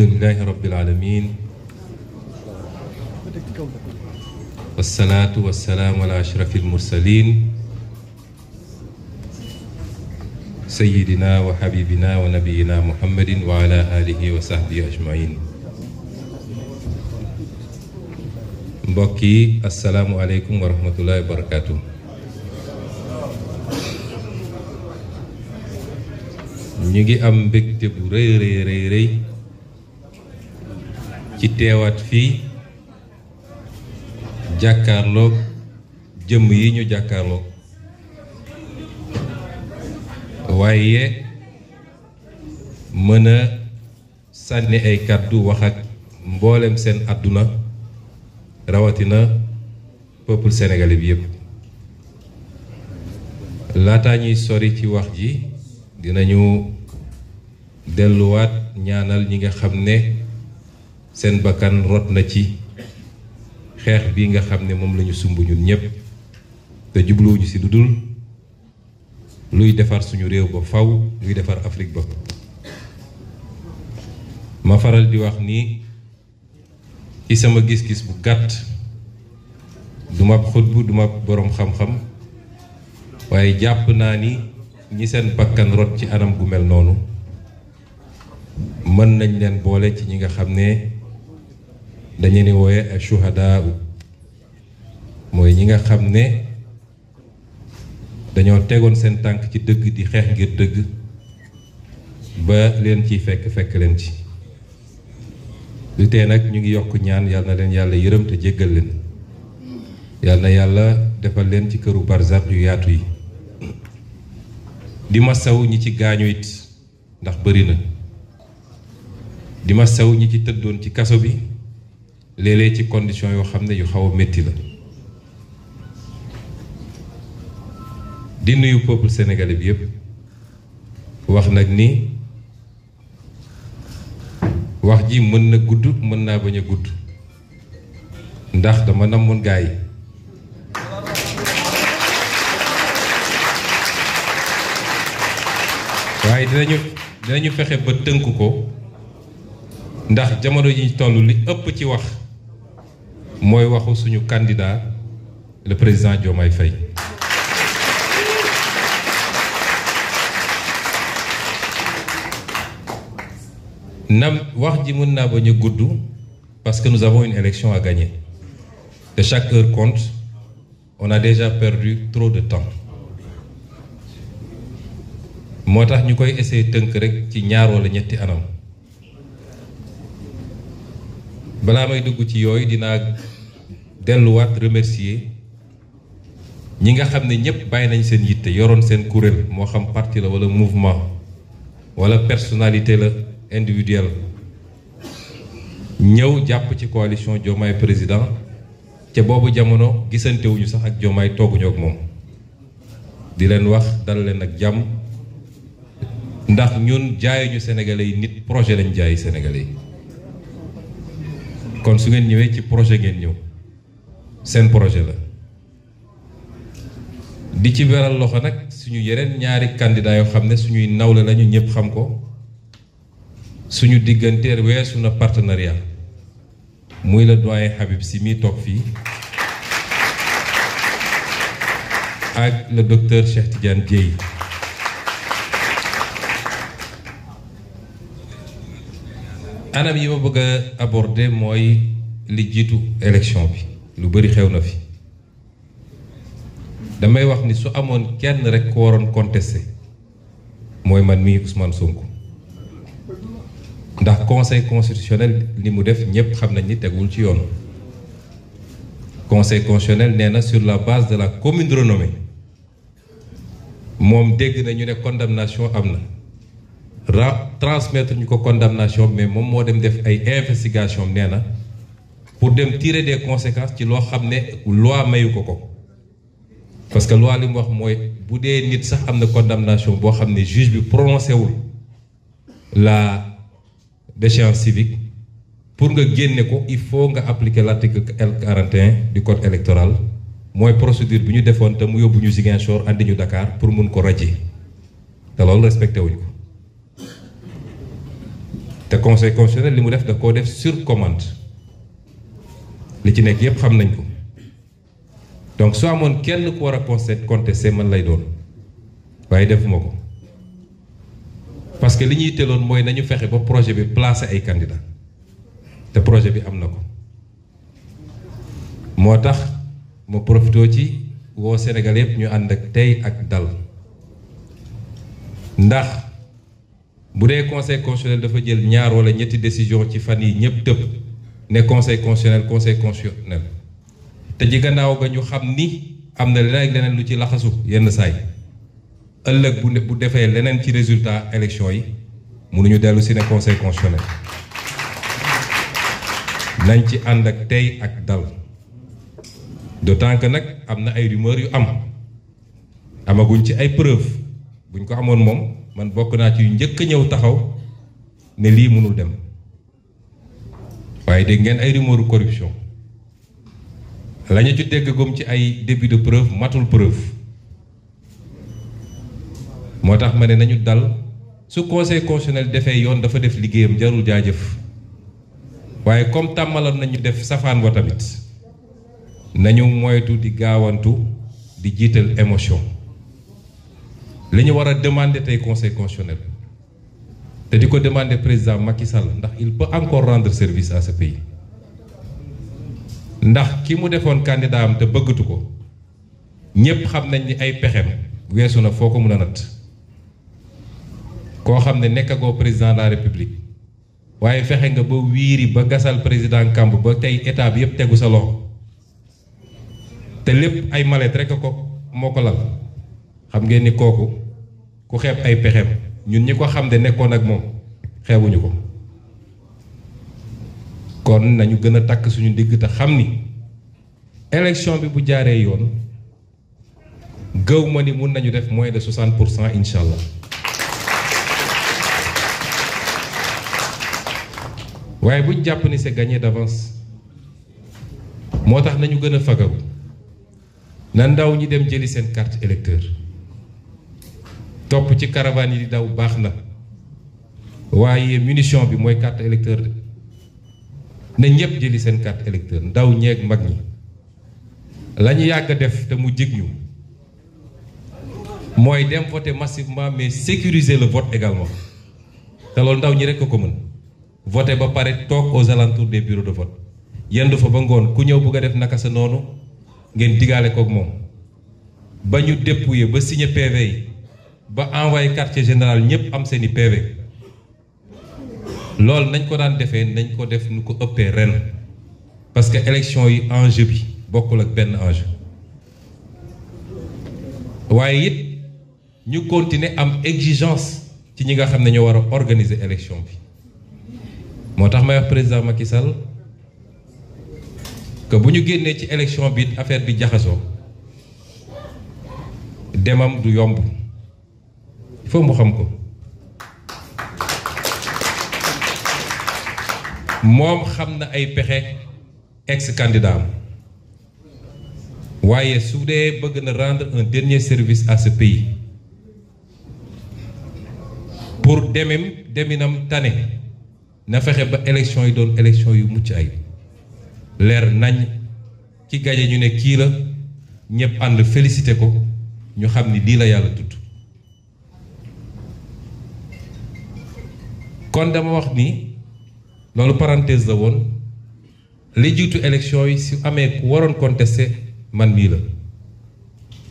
alhamdulilahi rabbil alamin wasalaatu wasalaamu ala ashrafi almursalin sayidina wa xabibina wa nabiyina muhammadin wa ala alihi wa sahbihi ajmain mbokk yi asalaamu aleykum wa rahmatullahi wa barakatuh ñu ngi am mbégte bu rëy rëy rëy rëy ci teewaat fii jàkkaarloog jëm yi ñu jàkkaarloog waaye mën a sànni ay kàddu wax ak mboolem seen àdduna rawatina peuple sénégalais bi yépp laataa ñuy sori ci wax ji dinañu delluwaat ñaanal ñi nga xam ne seen bakkan rot na ci xeex bii nga xam ne moom lañu sumb ñun ñépp te jubluwuñu si lu luy defar suñu réew ba faw luy defar afrig ba ma faral di wax ni ci sama gis-gis bu gàtt du ma xutbu du ma boroom xam-xam waaye jàpp naa ni ñi seen bakkan rot ci anam gu mel noonu mën nañ leen boole ci ñi nga xam ne dañu ni wooye ay shuhadaa mooy ñi nga xam ne dañoo tegoon seen tànk ci dëgg di xeex ngir dëgg ba leen ciy fekk fekk leen ci lu nag ñu ngi yokk ñaan yàlla na leen yàlla yërëm te jéggal leen yàlla na yàlla defal leen ci këru barzak yu yaatu yi di ma saw ñi ci gaañu it ndax bari na di ma sew ñi ci tëddoon ci kaso bi léeg ci condition yoo xam ne yu xaw a métti la di nuyu peuple sénégalais bi yépp wax nag ni wax ji mën na gudd mën naa bañ a gudd ndax dama namoon gaa yi waaye dinañu dinañu fexe ba tënk ko ndax jamono ji toll li ëpp ci wax mooy waxu suñu candidat le président Diomaye fay nam wax ji mën naa bañ ñu gudd parce que nous avons une élection à gagner de chaque heure compte on a déjà perdu trop de temps moo tax ñu koy essayer tënk rek ci ñaar wala ñetti anam balaa may dugg ci yooyu dinaa delluwaat remercier ñi nga xam ne ñëpp bàyyi nañ seen yitte yoroon seen kuréel moo xam parti la wala mouvement wala personnalité la individuelle ñëw jàpp ci coalition Diomaye président ca boobu jamono gisantewuñu sax ak Diomaye tooguñu ak moom di leen wax dal leen ak jàmm ndax ñun jaayuñu Sénégalais yi nit projet lañu jaayi Sénégalais yi kon su ngeen ñëwee ci projet ngeen ñëw seen projet la di ci beral loxo nag suñu yeneen ñaari candidat yoo xam ne suñuy nawle lañu ñëpp xam ko suñu diggante weesu na partenariat muy la doyen Habib si mi toog fii ak le docteur Cheikh Tidiane Dieye anam yi ma bëgg a aborder mooy li jiitu élection bi lu bari xew na fi damay wax ni su amoon kenn rek ko waroon contesté mooy man mii Ousmane Sonko ndax conseil constitutionnel li mu def ñëpp xam nañ ni tegul ci yoon conseil constitutionnel nee na sur la base de la commune renommée moom dégg nañu ñu ne condamnation am na ra transmettre ñu ko condamnation mais moom moo dem def ay investigation nee na pour dem tirer des conséquences ci loo xam ne loi mayu ko ko parce que loi li mu wax mooy bu dee nit sax am na condamnation boo xam ne juge bi prononcé wul la déchéance civique pour nga génne ko il faut nga appliquer l'article L41 du code électoral mooy procédure bi ñu defoon te mu yóbbu ñu Ziguinchor andi ñu Dakar pour mun ko radier te loolu respecté wuñ ko te conseil constitutionnel li mu def da koo def sur commande. li ci nekk yépp xam nañ ko donc soo amoon kenn ku war a contesté man lay doon waaye defuma ko parce que li ñuy teloon mooy nañu fexe ba projet bi placé ay candidats te projet bi am na ko moo tax ma profité ci woo Sénégal yëpp ñu ànd ak tey ak dal ndax bu dee conseil constitutionnel dafa jël ñaar wala ñetti décision ci fan yi ñëpp tëb ne conseil constitutionnel conseil te ji gannaaw ga ñu xam ni am na leneen ak leneen lu ci laxasu yenn saay ëllëg bu defee leneen ci résultat élection yi mënuñu dellu si ne conseil constitutionnel nañ ci ànd ak tey ak dal d'autant que nag am na ay rumeur yu am amaguñ ci ay preuve buñ ko amoon moom man bokk naa ci yu njëkk a ñëw taxaw ne lii mënul dem waaye dégg ngeen ay rumeur corruption lañu ñu ci dégg gum ci ay début de preuve matul preuve moo tax ma ne nañu dal su conseil constitutionnel defee yoon dafa def liggéeyam jarul jaajëf waaye comme tàmmaloon nañu def safaan wa tamit nañu moytu di gaawantu di jiital émotion li ñu war a demander tey conseil constitutionnel te di ko demander président Macky Sall ndax il peut encore rendre service à ce ndax ki mu defoon candidat am te bëggatu ko ñépp xam nañ ni ay pexem weesu na foo ko mën a natt koo xam ne nekk nekkagoo président de la république waaye fexe nga ba wiiri ba gasal président Kamb ba tey état bi yépp tegu sa loxo te lépp ay mallette rekk a ko moo ko lal xam ngeen ni kooku ku xeeb ay pexem ñun ñi ko xam de nekkoon ak moom xewuñu ko kon nañu gën a takk suñu digg te xam ni élection bi bu jaaree yoon gëw ma ni mun nañu def mooy de 60 pour cent incha allah waaye bu jàpp ni c'est gagné d'avance moo tax nañu gën a fagaru na ndaw ñi dem jëli seen carte électeur topp ci caravane yi di daw baax na waaye munition bi mooy carte électeur de ne ñëpp jëli seen carte électeur ndaw ñeeg mag ñi la ñu yàgg def te mu jig ñu mooy dem voter massivement mais sécuriser la vote également te loolu ndaw ñi rek ko mën voter ba pare toog aux alentours des bureaux de vote yendu fa ba ngoon ku ñëw bëgg a def naka sa noonu ngeen digaale koog moom ba ñu dépouiller ba signer PV ba envoyé quartier général ñëpp am seeni PV loolu nañ ko daan defee nañ ko def nu ko ëppee ren parce que élection yi enjeu bi bokkul ak benn enjeu waaye it ñu continuer am exigence ci ñi nga xam ne ñoo war a organiser élection bi moo tax may président Macky Sall que bu ñu génnee ci élection bi affaire bi jaxasoo demam du yomb. foo mu xam ko moom xam na ay pexe ex candidat waaye su dee bëgg na rendre un dernier service à ce pour demim deminam tane na fexe ba élection yi doon élection yu mucc ay leer nañ ki gaje ñu ne kii la ñëpp ànd félicité ko ñu xam ni lii la yàlla tudd kon dama wax ni loolu parenthèse la woon li jiitu élection yi su amee ku waroon contesté man mii la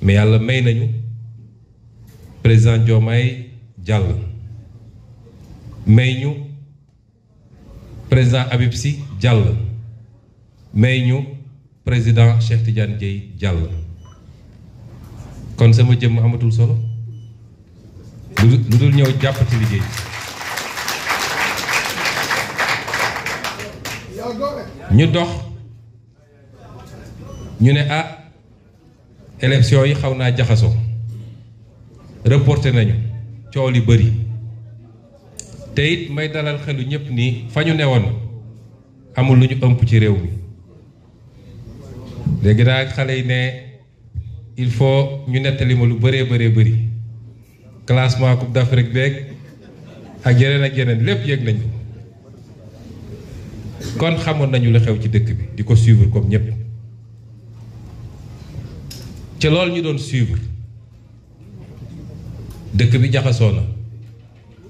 mais yàlla may nañu président Diomaye jàll may ñu président Habib Sy jàll may ñu président Cheikh Tidiane Dièye jàll kon sama jëmm amatul solo lu dul ñëw jàpp ci liggéey ñu dox ñu ne ah élection yi xaw naa jaxasoo reporté nañu coow li bëri te may dalal xelu ñëpp nii fa ñu woon amul lu ñu ëmp ci réew mi léegi daal xale yi ne il faut ñu nettali ma lu bëree bëree bëri classement coupe d'Afrique beeg ak yeneen ak yeneen lépp yëg nañ kon xamoon nañu la xew ci dëkk bi di ko suivre comme ñëpp ci loolu ñu doon suivre dëkk bi jaxasoo na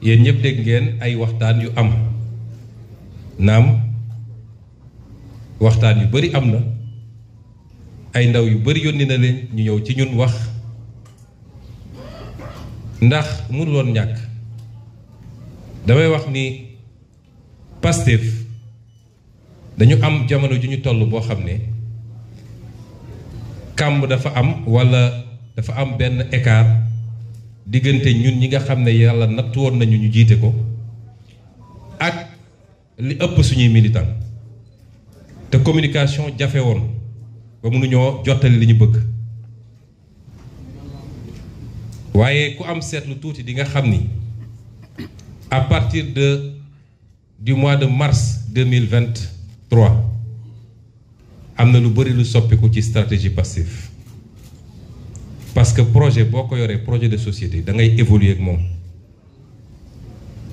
yéen ñëpp dégg ngeen ay waxtaan yu am naam waxtaan yu bari am na ay ndaw yu bari yónni na leen ñu ñëw ci ñun wax ndax mënuloon ñàkk damay wax ni Pastef dañu am jamono ju ñu toll boo xam ne kàmb dafa am wala dafa am benn écart diggante ñun ñi nga xam ne yàlla nattu woon nañu ñu jiite ko ak li ëpp suñuy militant te communication jafe woon ba mënuñoo jottali li ñu bëgg waaye ku am seetlu tuuti di nga xam ni à partir de du mois de mars deux mille vingt trois am na lu bëri lu soppiku ci stratégie Pastef parce que projet boo ko yoree projet de société da ngay évoluer moom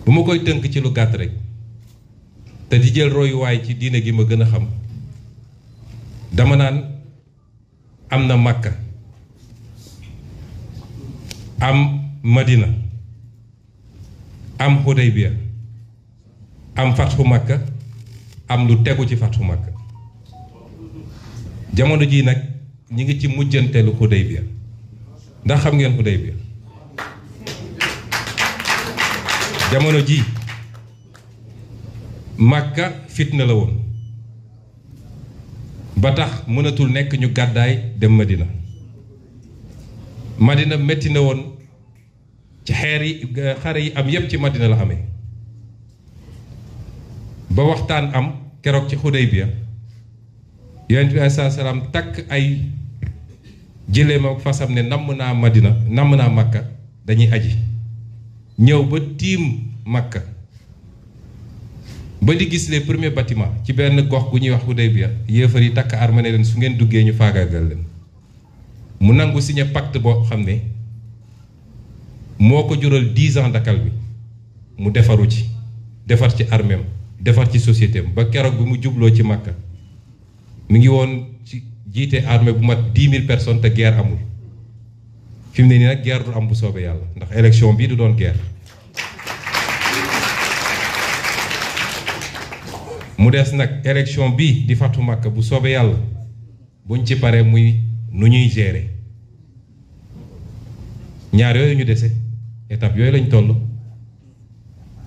bu ma koy tënk ci lu gàtt rek te di jël royuwaay ci diine gi ma gën a xam dama naan am na Makka am Madina am Hudaybiya am Fathu Makka am lu tegu ci fatu Makka jamono jii nag ñi ngi ci mujjanteelu Xudaybiya ndax xam ngeen Xudaybiya jamono ji Makka fitna la woon ba tax mënatul nekk ñu gàddaay dem Madina Madina metti na woon ci xeer yi xare yi am yépp ci Madina la amee ba waxtaan am keroog ci Xudaybiya yonent bi alayhi salaam takk ay jëlee ma fasam ne namm naa Madina namm naa Makka dañuy aji ñëw ba tiim Makka ba di gis les premiers bâtiments ci benn gox bu ñuy wax Xudaybiya yéefar yi takk arme ne leen su ngeen duggee ñu faagaagal leen mu nangu signé pacte boo xam ne moo ko jural dix ans dakal bi mu defaru ci defar ci armeem defar ci société ba keroog bi mu jubloo ci Makka mu ngi woon ci jiite armée bu mat dix mille personnes te guerre amul fi ne nii nag guerre du am bu soobee yàlla ndax élection bii du doon guerre. mu des nag élection bii di fàttu Makka bu soobee yàlla buñ ci paree muy nu ñuy gérer ñaar yooyu ñu dese étape yooyu lañ toll.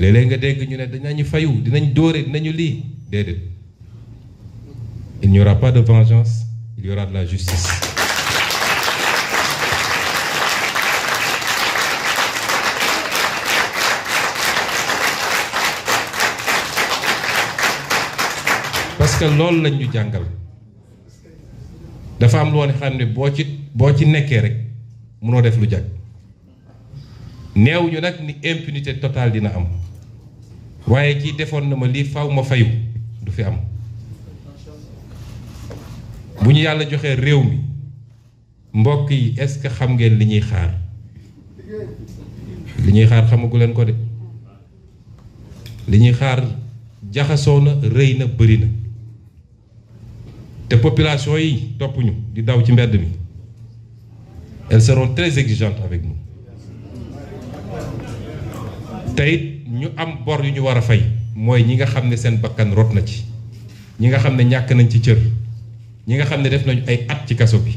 léeg nga dégg ñu ne dinañu fayu dinañ dóore dinañu lii déedéet il n'y aura de vengeance il y aura la justice parce que loolu lañ ñu jàngal dafa am loo ne xam ne boo ci boo ci nekkee rek mënoo def lu jag neew ñu nag ni impunité totale dina am waaye kii defoon na ma lii faw ma fayu du fi am bu ñu yàlla joxee réew mi mbokk yi est-ce que xam ngeen li ñuy xaar li ñuy xaar xamagu leen ko de li ñuy xaar jaxasoo na rëy na bëri na te population yi toppuñu di daw ci mbedd mi elles seront très exigeantes avec nous tey ñu am bor yu ñu war a fay mooy ñi nga xam ne seen bakkan rot na ci ñi nga xam ne ñàkk nañ ci cër ñi nga xam ne def nañu ay at ci kaso bi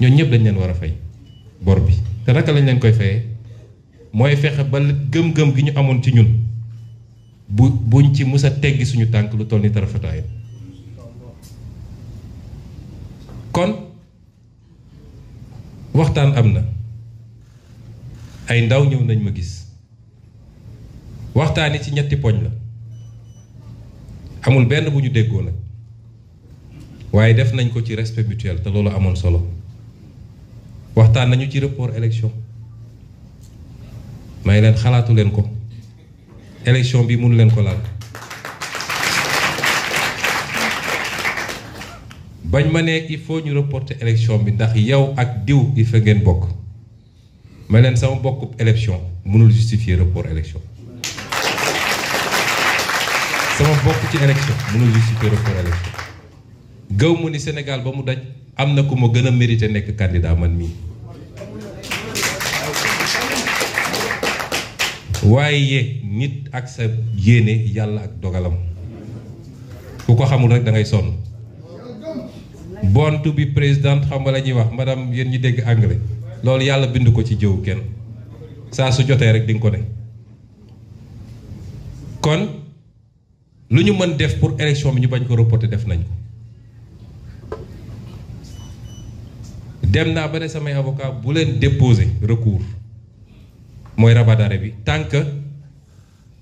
ñooñu ñëpp dañ leen war a fay bor bi te naka lañ leen koy fayee mooy fexe ba gëm-gëm gi ñu amoon ci ñun bu buñ ci mus teggi suñu tànk lu toll ni tarafataay kon waxtaan am na ay ndaw ñëw nañ ma gis waxtaan yi ci ñetti poñ la amul benn bu ñu déggoo nag waaye def nañ ko ci respect mutuel te loolu amoon solo waxtaan nañu ci report élection may leen xalaatu leen ko élection bi mënu leen ko laal bañ ma ne il faut ñu reporter élection bi ndax yow ak diw yi fa ngeen bokk ma leen sama bokk élection mënul justifier report élection sama bokk ci élection mënul justifier report élection gaw mu ni senegal ba mu daj am na ku ma gën a mérité nekk candidat man mii waaye nit ak sa yéene yàlla ak dogalam ku ko xamul rek da ngay sonn bontu bi président xam nga la ñuy wax madame yéen ñi dégg anglais loolu yàlla bind ko ci jëw kenn saa su jotee rek di ko ne kon lu ñu mën def pour élection bi ñu bañ ko reporter def nañ ko dem naa ba ne samay avocat bu leen déposer recours mooy rabat bi tant que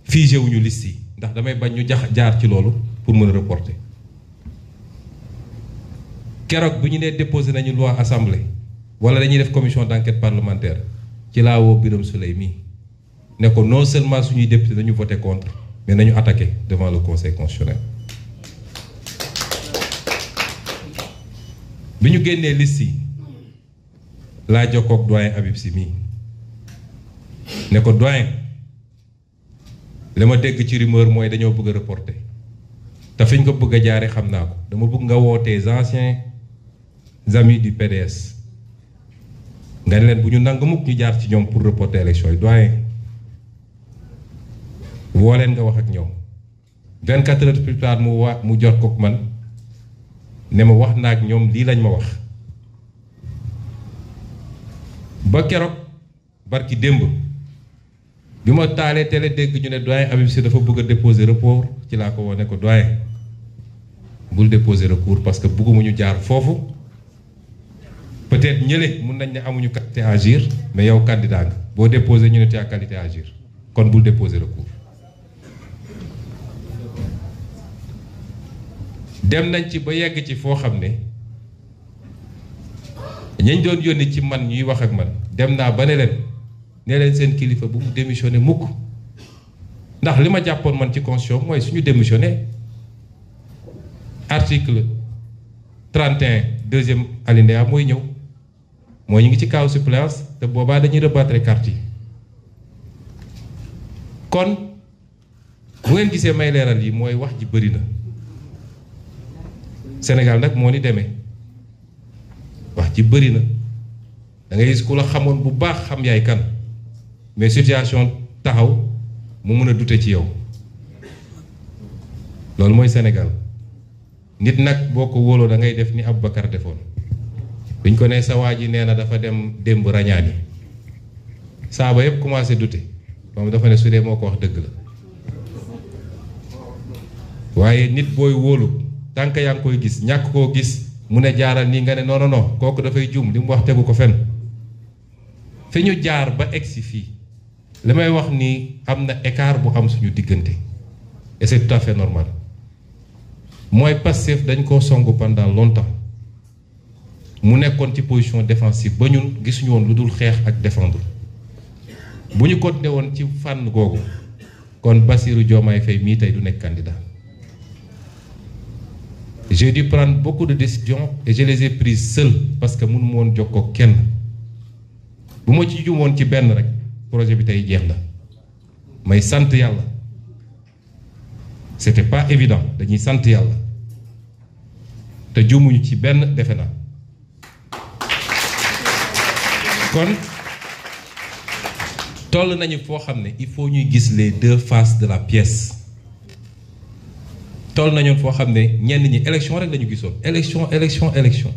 figé wuñu liste yi ndax damay bañ ñu jax jaar ci loolu pour mën a reporter keroog bu ñu nee déposé nañu loi assemblée wala dañuy def commission d'enquête parlementaire ci laa woo Birame Souleye mii ne ko non seulement suñuy député dañu voté contre mais nañu attaqué devant le conseil constitutionnel bi ñu génnee liste yi laa jokkoog doyen Habib Sy mii ne ko doyen li ma dégg ci rumeur mooy dañoo bëgg a reporter te fi ko bëgg a jaare xam naa ko dama bëgg nga wootee anciens amis du PDS nga ne leen bu ñu nangu mukk ñu jaar ci ñoom pour reporter élection yi doyen woo leen nga wax ak ñoom 24 heures plus tard mu waa mu jot kook man ne ma wax naa ak ñoom lii lañ ma wax ba keroog barki démb bi ma taalee télé dégg ñu ne doyen Habib Sy dafa bëgg a déposer recours ci laa ko woo ne ko doyen bul déposer recours parce que bëgguma ñu jaar foofu peut-être ñële mun nañ ne amuñu qualité à agir mais yow candidat nga boo déposer ñu ne tu as qualité agir kon bul déposer recours dem nañ ci ba yegg ci foo xam ne ñañ doon yónni ci man ñuy wax ak man dem naa ba ne leen ne leen seen kilifa bu mu démissionné mukk ndax li ma jàppoon man ci constitution mooy suñu démissionné article 31 deuxième alinéa mooy ñëw mooy ñu ngi ci kaw suppléance te boobaa dañuy rebattre carte yi kon bu ngeen gisee may leeral yi mooy wax ji bëri na senegal nag moo ni demee wax ci bëri na da gis ku la xamoon bu baax xam yaay kan mais situation taxaw mu mën a dute ci yow loolu mooy senegal nit nag boo ko wóoloo da ngay def ni Aboubacar defoon buñ ko nee sa waa ji nee na dafa dem démb rañaani saaba yëpp commencé dute moom dafa ne su dee moo ko wax dëgg la waaye nit booy wóolu tant yaa ngi koy gis ñàkk koo gis mu ne jaaral nii nga ne non non kooku dafay juum li mu wax tegu ko fenn fi ñu jaar ba egsi fii li may wax nii am na écart bu am suñu diggante et c'est tout normal mooy Pastef dañ koo songu pendant longtemps mu nekkoon ci position défensive ba ñun gisuñu woon lu dul xeex ak défendre bu ñu continué woon ci fànn googu kon Bassirou Diomaye Faye mii tey du nekk candidat j'ai dû prendre beaucoup de décisions et je les ai prises seul parce que mënuma woon jokkoo kenn bu ma ci jumoon ci benn rek projet bi tey jeex na may sant yàlla c'était pas évident dañuy sant yàlla te juumuñu ci benn defe na kon toll nañu foo xam ne il faut ñuy gis les deux faces de la pièce toll nañu foo xam ne ñenn ñi élection rek lañu gisoon élection élection élection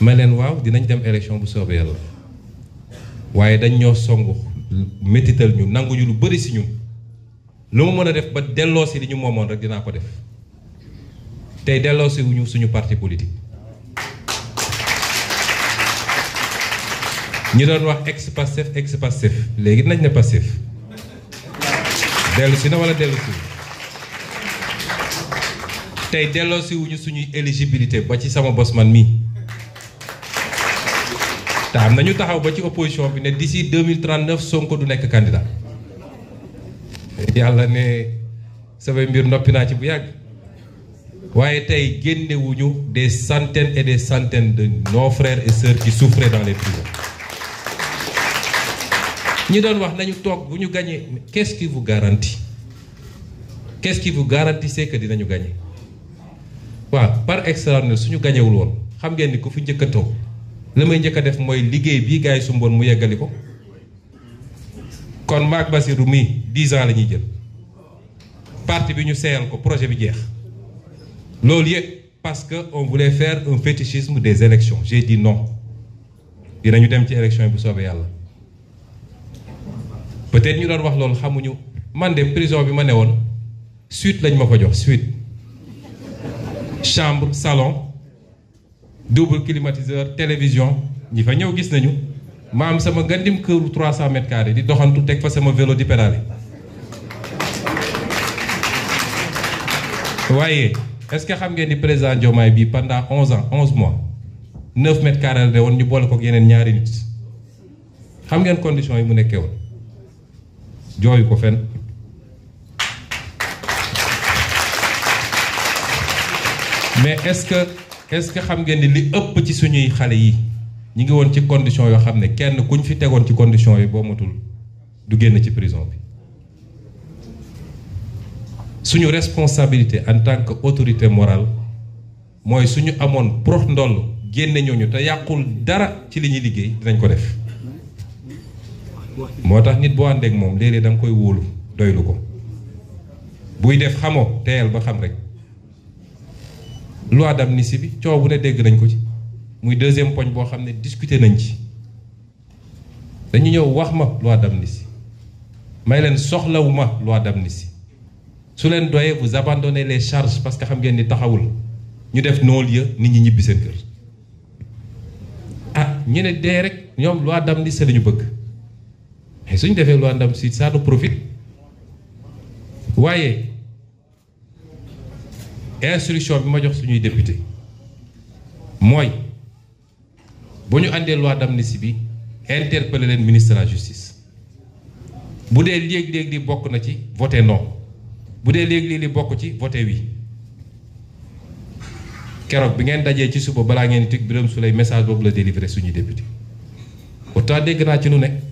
ma leen waaw dinañ dem élection bu soobee yàlla waaye dañ ñoo songu métital ñu nanguñu lu bari si ñu lu mu mën a def ba delloo si li ñu moomoon rek dinaa ko def tey delloo si suñu parti politique ñi doon wax ex Pastef léegi dinañ ne Pastef dellu si na wala dellu si tey delloo wuñu suñuy éligibilité ba ci sama bos man mi te am nañu taxaw ba ci opposition bi ne d'ici 2039 Sonko du nekk candidat yàlla ne samay mbir noppi naa ci bu yàgg waaye tey génnewuñu des centaines et des centaines de nos frères et sœurs qui souffraient dans les prisons ñi doon wax nañu toog bu ñu gañee qu'est-ce qui vous garantit qu'est-ce dinañu gañe waaw par ne suñu gañewul woon xam ngeen ni ku fi njëkk a toog la may njëkk def mooy liggéey bii gars yi sumboon mu yeggali ko kon maak Basirou mii 10 ans la ñuy jël parti bi ñu seeyal ko projet bi jeex loolu yëpp parce que on voulait faire un fétichisme des élections j'ai dit non dinañu dem ci élection bi bu soobee yàlla peut-être ñu doon wax loolu xamuñu man de prison bi ma ne woon suite lañ ma ko jox suite chambre salon double climatiseur télévision ñi fa ñëw gis nañu ma am sama gandim këru 300 mètres carrés di doxantu teg fa sama vélo di pédale waaye est que xam ngeen ni président Diomaye bii pendant 11 ans 11 mois 9 mètres carrés la woon ñu boole ko yeneen ñaari nit xam ngeen conditions yi mu nekkee woon. jooyu ko fen mais est-ce que est-ce que xam ngeen ni li ëpp ci suñuy xale yi ñu ngi woon ci condition yoo xam ne kenn ku ñu fi tegoon ci condition yi boo matul du génn ci prison bi suñu responsabilité en tant que autorité morale mooy suñu amoon prox ndoll génne ñooñu te yàqul dara ci li ñuy liggéey dinañ ko def moo tax nit boo àndeek moom léeg-léeg koy wóolu doylu ko buy def xamoo teyal ba xam rek loi d'amnistie bi coow bu ne dégg nañ ko ci muy deuxième poñ boo xam ne discuter nañ ci dañu ñëw wax ma loi d'amnistie may leen soxlawu ma loi d'amnistie su leen doyee vous abandonnez les charges parce que xam ngeen ni taxawul ñu def nool lieu nit ñi ñibbi seen kër ah ñu ne dee rek ñoom loi d'amnistie la ñu bëgg suñu suñ defee loi Ndam si ça profite waaye instruction bi ma jox suñuy député mooy bu ñu àndee loi d'amnistie bi interpeller leen ministre la justice bu dee léeg-léeg li bokk na ci voté non bu dee léeg-léeg li bokk ci voté oui keroog bi ngeen dajee ci suba balaa ngeen tig Birame Souleye message boobu la délivré suñuy député pourtant dégg naa ci lu nekk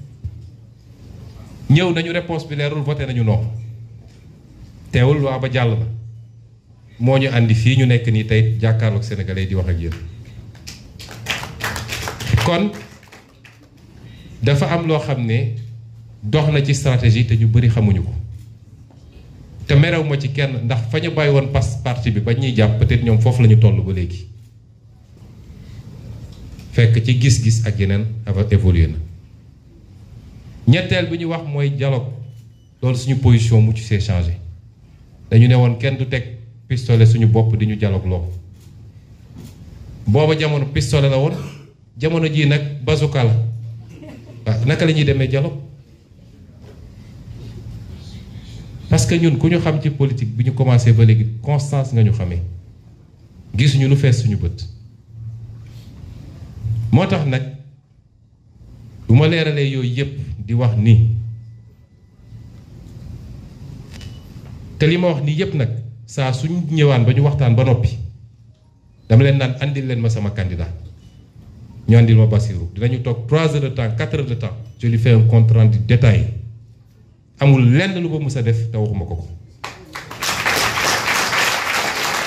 ñëw nañu réponse bi leerul voté nañu non teewul waa ba jàll na moo ñu àndi fii ñu nekk nii tey jàkkaarloog sénégalais di wax ak yéen kon dafa am loo xam ne dox na ci stratégie te ñu bëri xamuñu ko te merew ma ci kenn ndax fa ñu bàyyi woon pas parti bi ba ñuy jàpp peut ñoom foofu la ñu toll ba léegi fekk ci gis-gis ak yeneen ava évolué na ñetteel bi ñu wax mooy dialogue loolu suñu position mu ci see changé dañu ne woon kenn du teg pistolet suñu bopp di ñu dialogue loo booba jamono pistolet la woon jamono jii nag bazooka naka la ñuy demee dialogue parce que ñun ku ñu xam ci politique bi ñu commencé ba léegi constance nga ñu xamee gisuñu lu fees suñu bët moo tax nag bu ma leeralee yooyu yëpp di wax ni te li ma wax nii yëpp nag saa suñ ñëwaan ba ñu waxtaan ba noppi dama leen naan indi leen ma sama candidat ñu andil ma Bassirou dinañu toog 3 heures de temps 4 heures de temps je lui fais un compte rendu amul lenn lu ko mës a def te waxuma ko ko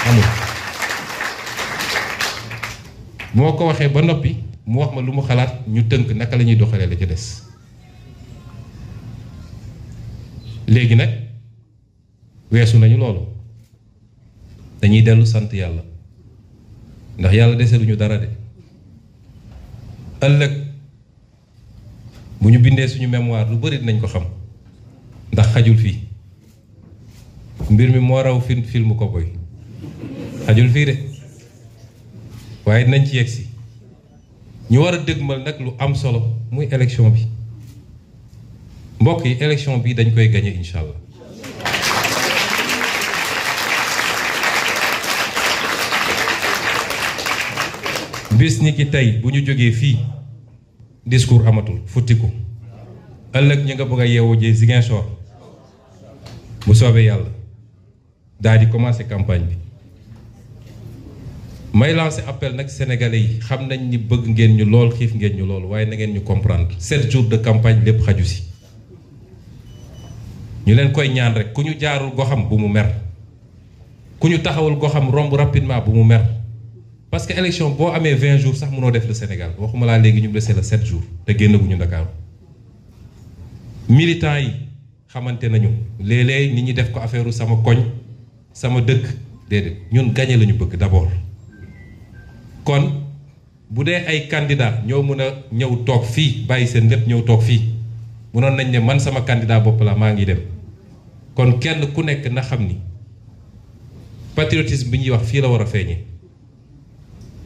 amul moo ko waxee ba noppi. mu wax ma lu mu xalaat ñu tënk naka la ñuy doxalee la ca des léegi nag weesu nañu loolu dañuy dellu sant yàlla ndax yàlla dese lu ñu dara de ëllëg bu ñu bindee suñu mémoire lu bari dinañ ko xam ndax xajul fii mbir mi moo raw fi film ko koy xajul fii de waaye dinañ ci yegg si ñu war a dëgmal nag lu am solo muy élection bi mbokk yi élection bi dañ koy gañe incha allah bis ni ki tey bu ñu jógee fii discours amatul futtiku ëllëg ñu nga bëgg a yeewoo ji Ziguinchor bu soobee yàlla daal di commencer campagne bi may lancé appel nag sénégalais yi xam nañ ni bëgg ngeen ñu lool xiif ngeen ñu lool waaye na ngeen ñu comprendre sept jours de campagne lépp xaju si ñu leen koy ñaan rek ku ñu jaarul goxam bu mu mer ku ñu taxawul goxam romb rapidement bu mu mer parce que élection boo amee vingt jours sax mënoo def le Sénégal waxuma laa léegi ñu mu dese la sept jours te génnaguñu Ndakaaru militants yi xamante nañu léeg-léeg nit ñi def ko affaire sama koñ sama dëkk déedéet ñun gañe la ñu bëgg d'abord kon bu dee ay candidat ñoo mën a ñëw toog fii bàyyi seen lépp ñëw toog fii mënoon nañ ne man sama candidat bopp la maa ngi dem kon kenn ku nekk na xam ni patriotisme bi ñuy wax fii la war a feeñee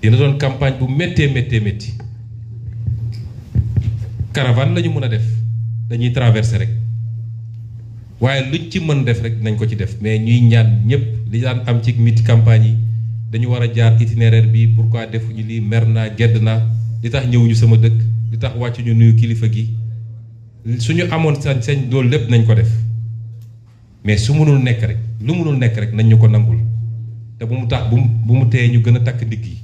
dina doon campagne bu méttee méttee métti caravane lañu ñu mën a def dañuy traverser rek waaye lu ci mën def rek nañ ko ci def mais ñuy ñaan ñëpp li daan am ci mit campagne yi dañu war a jaar itinéraire bi pourquoi defuñu lii mer naa gedd na li tax ñëwuñu sama dëkk li tax wàccuñu nuyu kilifa gi suñu amoon sañ-sañ loolu lépp nañ ko def mais su mënul nekk rek lu mënul nekk rek nañ ñu ko nangul te bu mu tax bu mu bu mu tee ñu gën a takk ndigg yi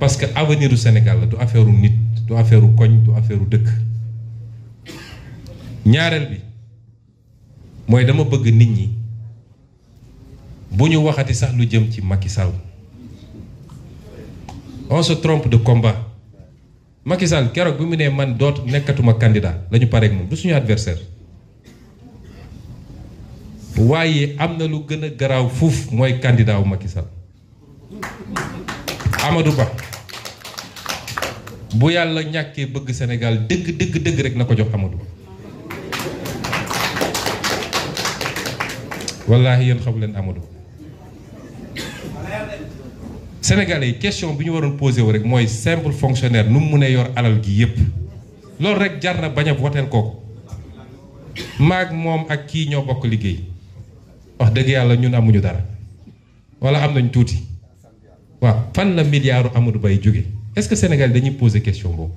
parce que avenir u la du affaire nit du affaire u koñ du affaire dëkk ñaareel bi mooy dama bëgg nit ñi bu ñu waxati sax lu jëm ci Macky Sall on se de combat Macky keroog bi mu ne man doot nekkatuma candidat la ñu pareeg moom du suñu adversaire waaye am na lu gën a garaaw fuuf mooy candidat wu Macky Sall Amadou Ba bu yàlla ñàkkee bëgg Sénégal dëgg dëgg dëgg rek na ko jox amadu Ba wallaahi yéen xamu leen amadu sénégal yi question bi ñu waroon posé wu rek mooy simple fonctionnaire nu mu mënee yor alal gi yépp loolu rek jar na bañ a woteel kooku maag moom ak kii ñoo bokk liggéey wax dëgg yàlla ñun amuñu dara wala am nañ tuuti waaw fan la milliardu Amadou Baye jóge est-ce que Sénégal dañuy poser question boobu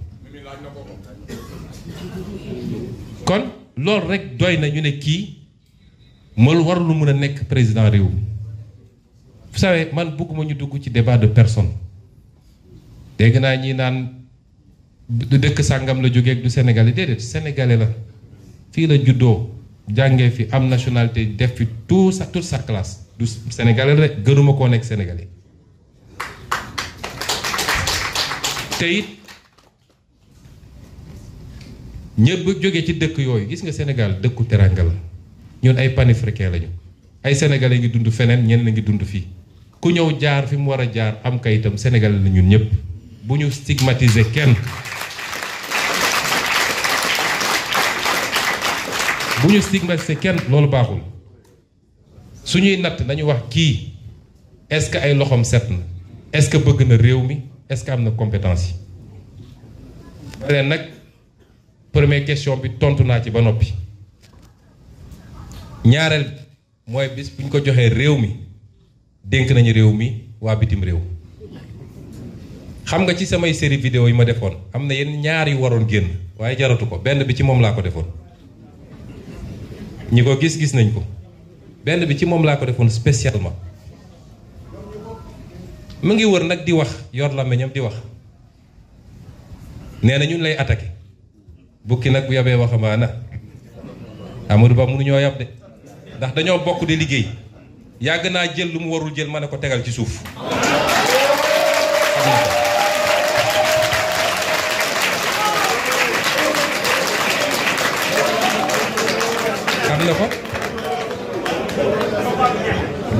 kon loolu rek doy na ñu ne kii mal war lu mun a nekk président réew vous savez man bëgguma ñu dugg ci débat de personne dégg naa ñi naan du dëkk sàngam la jógee ak du sénégalais déedéet sénégalais la fii la juddoo jàngee fi am nationalité def fi tout sa toute sa classe du sénégalais rek gënuma koo nekk sénégalais te it ñëpp jógee ci dëkk yooyu gis nga Sénégal dëkku teranga la ñun ay panafricains lañu ay sénégalais ngi dund feneen ñenn ngi dund fii ku ñëw jaar fi mu war a jaar am kayitam Sénégal la ñun ñëpp bu ñu stigmatiser kenn bu ñu stigmatiser kenn loolu baaxul suñuy natt nañu wax kii est-ce que ay loxoom set na est-ce que bëgg na réew mi est am na compétence yi ma nag première question bi tontu naa ci ba noppi ñaareel mooy bis bu ñu ko joxee réew mi dénk nañu réew mi waa bitim réew xam nga ci samay série vidéo yi ma defoon am na yenn ñaar yu waroon génn waaye jaratu ko benn bi ci moom laa ko defoon ñi ko gis gis nañ ko benn bi ci moom laa ko defoon spécialement mu ngi wër nag di wax yor làmmiñam di wax nee na ñun lay attaqué bukki nag bu yabee waxambaana Amadou Ba mënuñoo yab de ndax dañoo bokk di liggéey yàgg naa jël lu mu warul jël ma ne ko tegal ci suuf xam na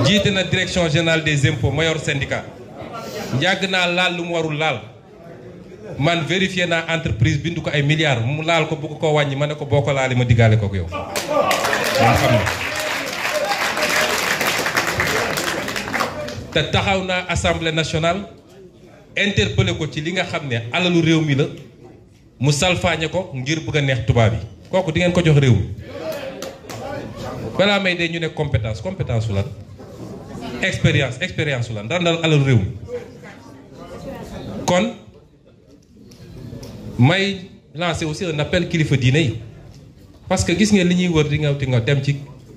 jiite na direction générale des impôts mayor syndicat yàgg naa laal lu mu warul laal man vérifié naa entreprise bindu ko ay milliards mu laal ko bëgg ko wàññi ma ne ko boo ko laalee ma diggaale ko ak yow man xam na te taxaw naa assemblée nationale interpellé ko ci li nga xam ne alalu réew mi la mu salfaañe ko ngir bëgg a neex tubaab yi kooku di ngeen ko jox réew mi balaa may de ñu ne compétence compétence wu lan expérience expérience su lan daan daal alalu réew mi kon may lancer aussi un appel kilifa diine yi parce que gis ngeen li ñuy wër di nga nga dem ci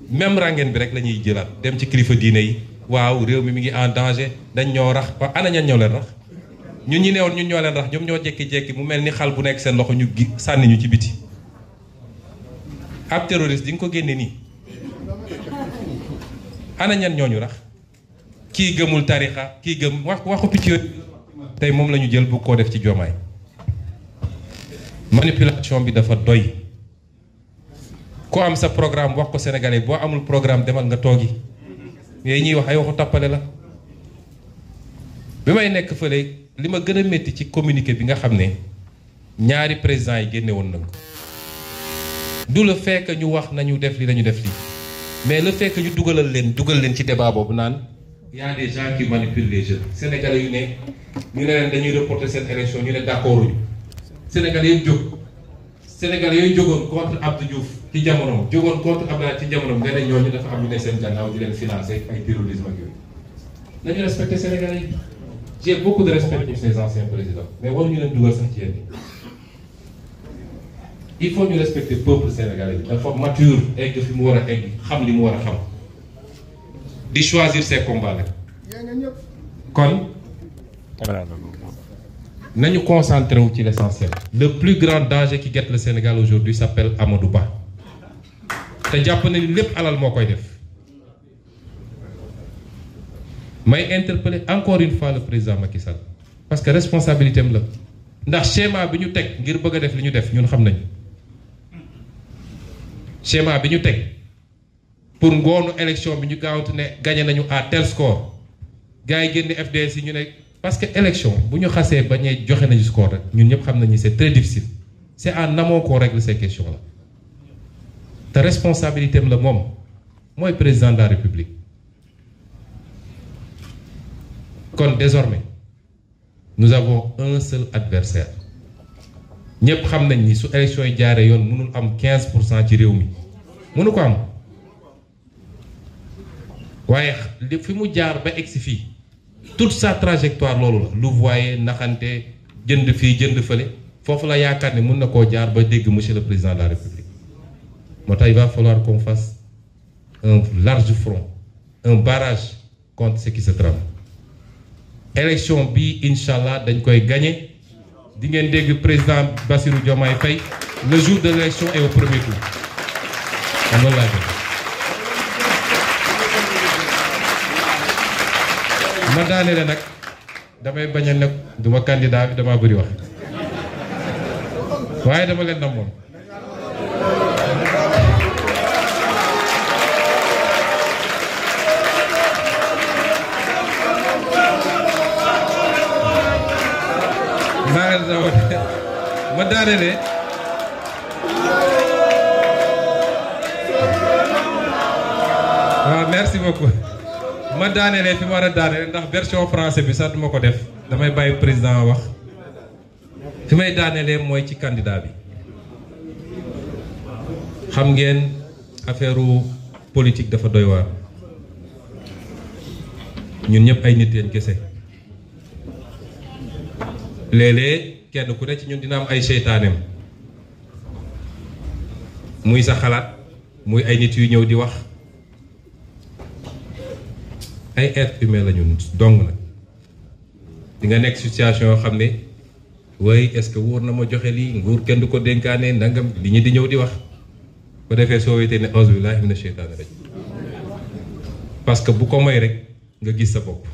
même ràngeen bi rek la ñuy jëlaat dem ci kilifa diine yi. waaw réew mi mi ngi en danger dañ ñoo rax ba ana ñan ñoo leen rax ñun ñi neewoon ñun ñoo leen rax ñoom ñoo jékki-jékki mu mel ni xal bu nekk seen loxo ñu gi sànni ci biti ab terroriste di nga ko génne nii ana ñooñu ñoo rax kii gëmul tarixa kii gëm wax waxu picc tey moom la ñu jël bu koo def ci Diomaye manipulation bi dafa doy ku am sa programme wax ko sénégalais boo amul programme demal nga toogi yooyu ñuy wax ay waxu tappale la bi may nekk fële li ma gën a métti ci communiqué bi nga xam ne ñaari président yi génne woon nañ du le fekk ñu wax nañu def li nañu def lii mais le fekk ñu dugalal leen dugal leen ci débat boobu naan y a des gens qui manipulent les jeunes yu ne ñu ne leen dañuy reporter seen élection ñu ne d'accord uñu sénégalais yëpp jóg Sénégal yooyu jógoon contre Abdou Diouf ci jamonoom jógoon contre Abdoulaye ci jamonoom nga ne ñooñu dafa am ñu ne seen gànnaaw di leen financé ay terrorisme ak yooyu nañu respecté Sénégalais yi j'ai beaucoup de respect pour ces anciens présidents mais waruñu leen dugal sax ci yéen il faut ñu respecter peuple sénégalais bi dafa mature egg fi mu war a egg xam li mu war a xam di choisir ses combats kon nañu concentré wu ci l' essentiel le plus grand danger qui guette le Sénégal aujourd'hui s'appelle Amadou Ba te jàpp na ni lépp alal moo koy def may interpeller encore une fois président Macky Sall parce que responsabilité am la ndax schéma bi ñu teg ngir bëgg a def li ñu def ñun xam nañu schéma bi ñu teg pour ngoonu élection bi ñu gaawante ne gagné nañu à tel score gars yi génn FDS yi ñu nekk parce que élection bu ñu xasee ba ñee joxe nañu score rek ñun ñëpp xam nañu c'est très difficile c'est en amont qu'on règle ces questions là te responsabilité la moom mooy président de république kon désormais nous avons un seul adversaire ñëpp xam nañ ni su élection yi jaaree yoon mënul am 15 pour cent ci réew mi mënu ko am waaye li fi mu jaar ba egsi fii tout sa trajectoire loolu la lu voyé naxante jënd fii jënd fële foofu la yaakaar ne mën na koo jaar ba dégg monsieur le président de la république moo tax il va falloir qu'on fasse un large front un barrage contre ce qui se trame bi incha allah dañ koy gañe di ngeen dégg président Bassirou Diomaye Faye le jour de l'élection est premier tour am loolu laa ma daane le nag damay bañ a nekk du ma candidat bi wax waaye dama leen namoon ma daane ne waaw merci beaucoup ma daanelee fi ma war a daanelee ndax version français bi sax duma ko def damay bàyyi président wax fi may daanelee mooy ci candidat bi xam ngeen affaire politique dafa doy waar ñun ñëpp ay nit leen kese léeg-léeg kenn ku ne ci ñun dina am ay seytaaneem muy sa xalaat muy ay nit yu ñëw di wax. ay être humain la ñu dong nag di nga nekk situation yoo xam ne waaye est-ce que wóor na ma joxe lii nguur kenn du ko dénkaane ndangam li ñu di ñëw di wax ko defee soo wéetee ne auzu billahi mina sheytaani rajim parce que bu ko may rek nga gis sa bopp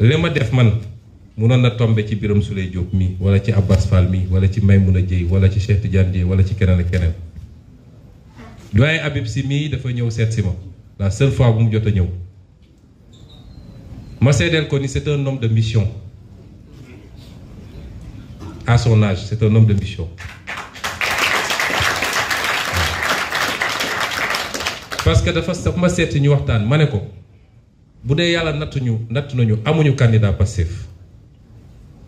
li ma def man munoon na tombe ci biram Souleye Diop mii wala ci Abbas Fall mii wala ci a Dieye wala ci Cheikh Tidiane Dieye wala ci keneen ak keneen doyen Habib si mii dafa ñëw seet si ma la seule bu mu jot a ñëw ma seedeel ko ni c'est un homme de mission à son âge c'est un homme de mission parce que dafa sax ma ñu waxtaan ma ne ko bu dee yàlla nattuñu nattu nañu amuñu candidat passif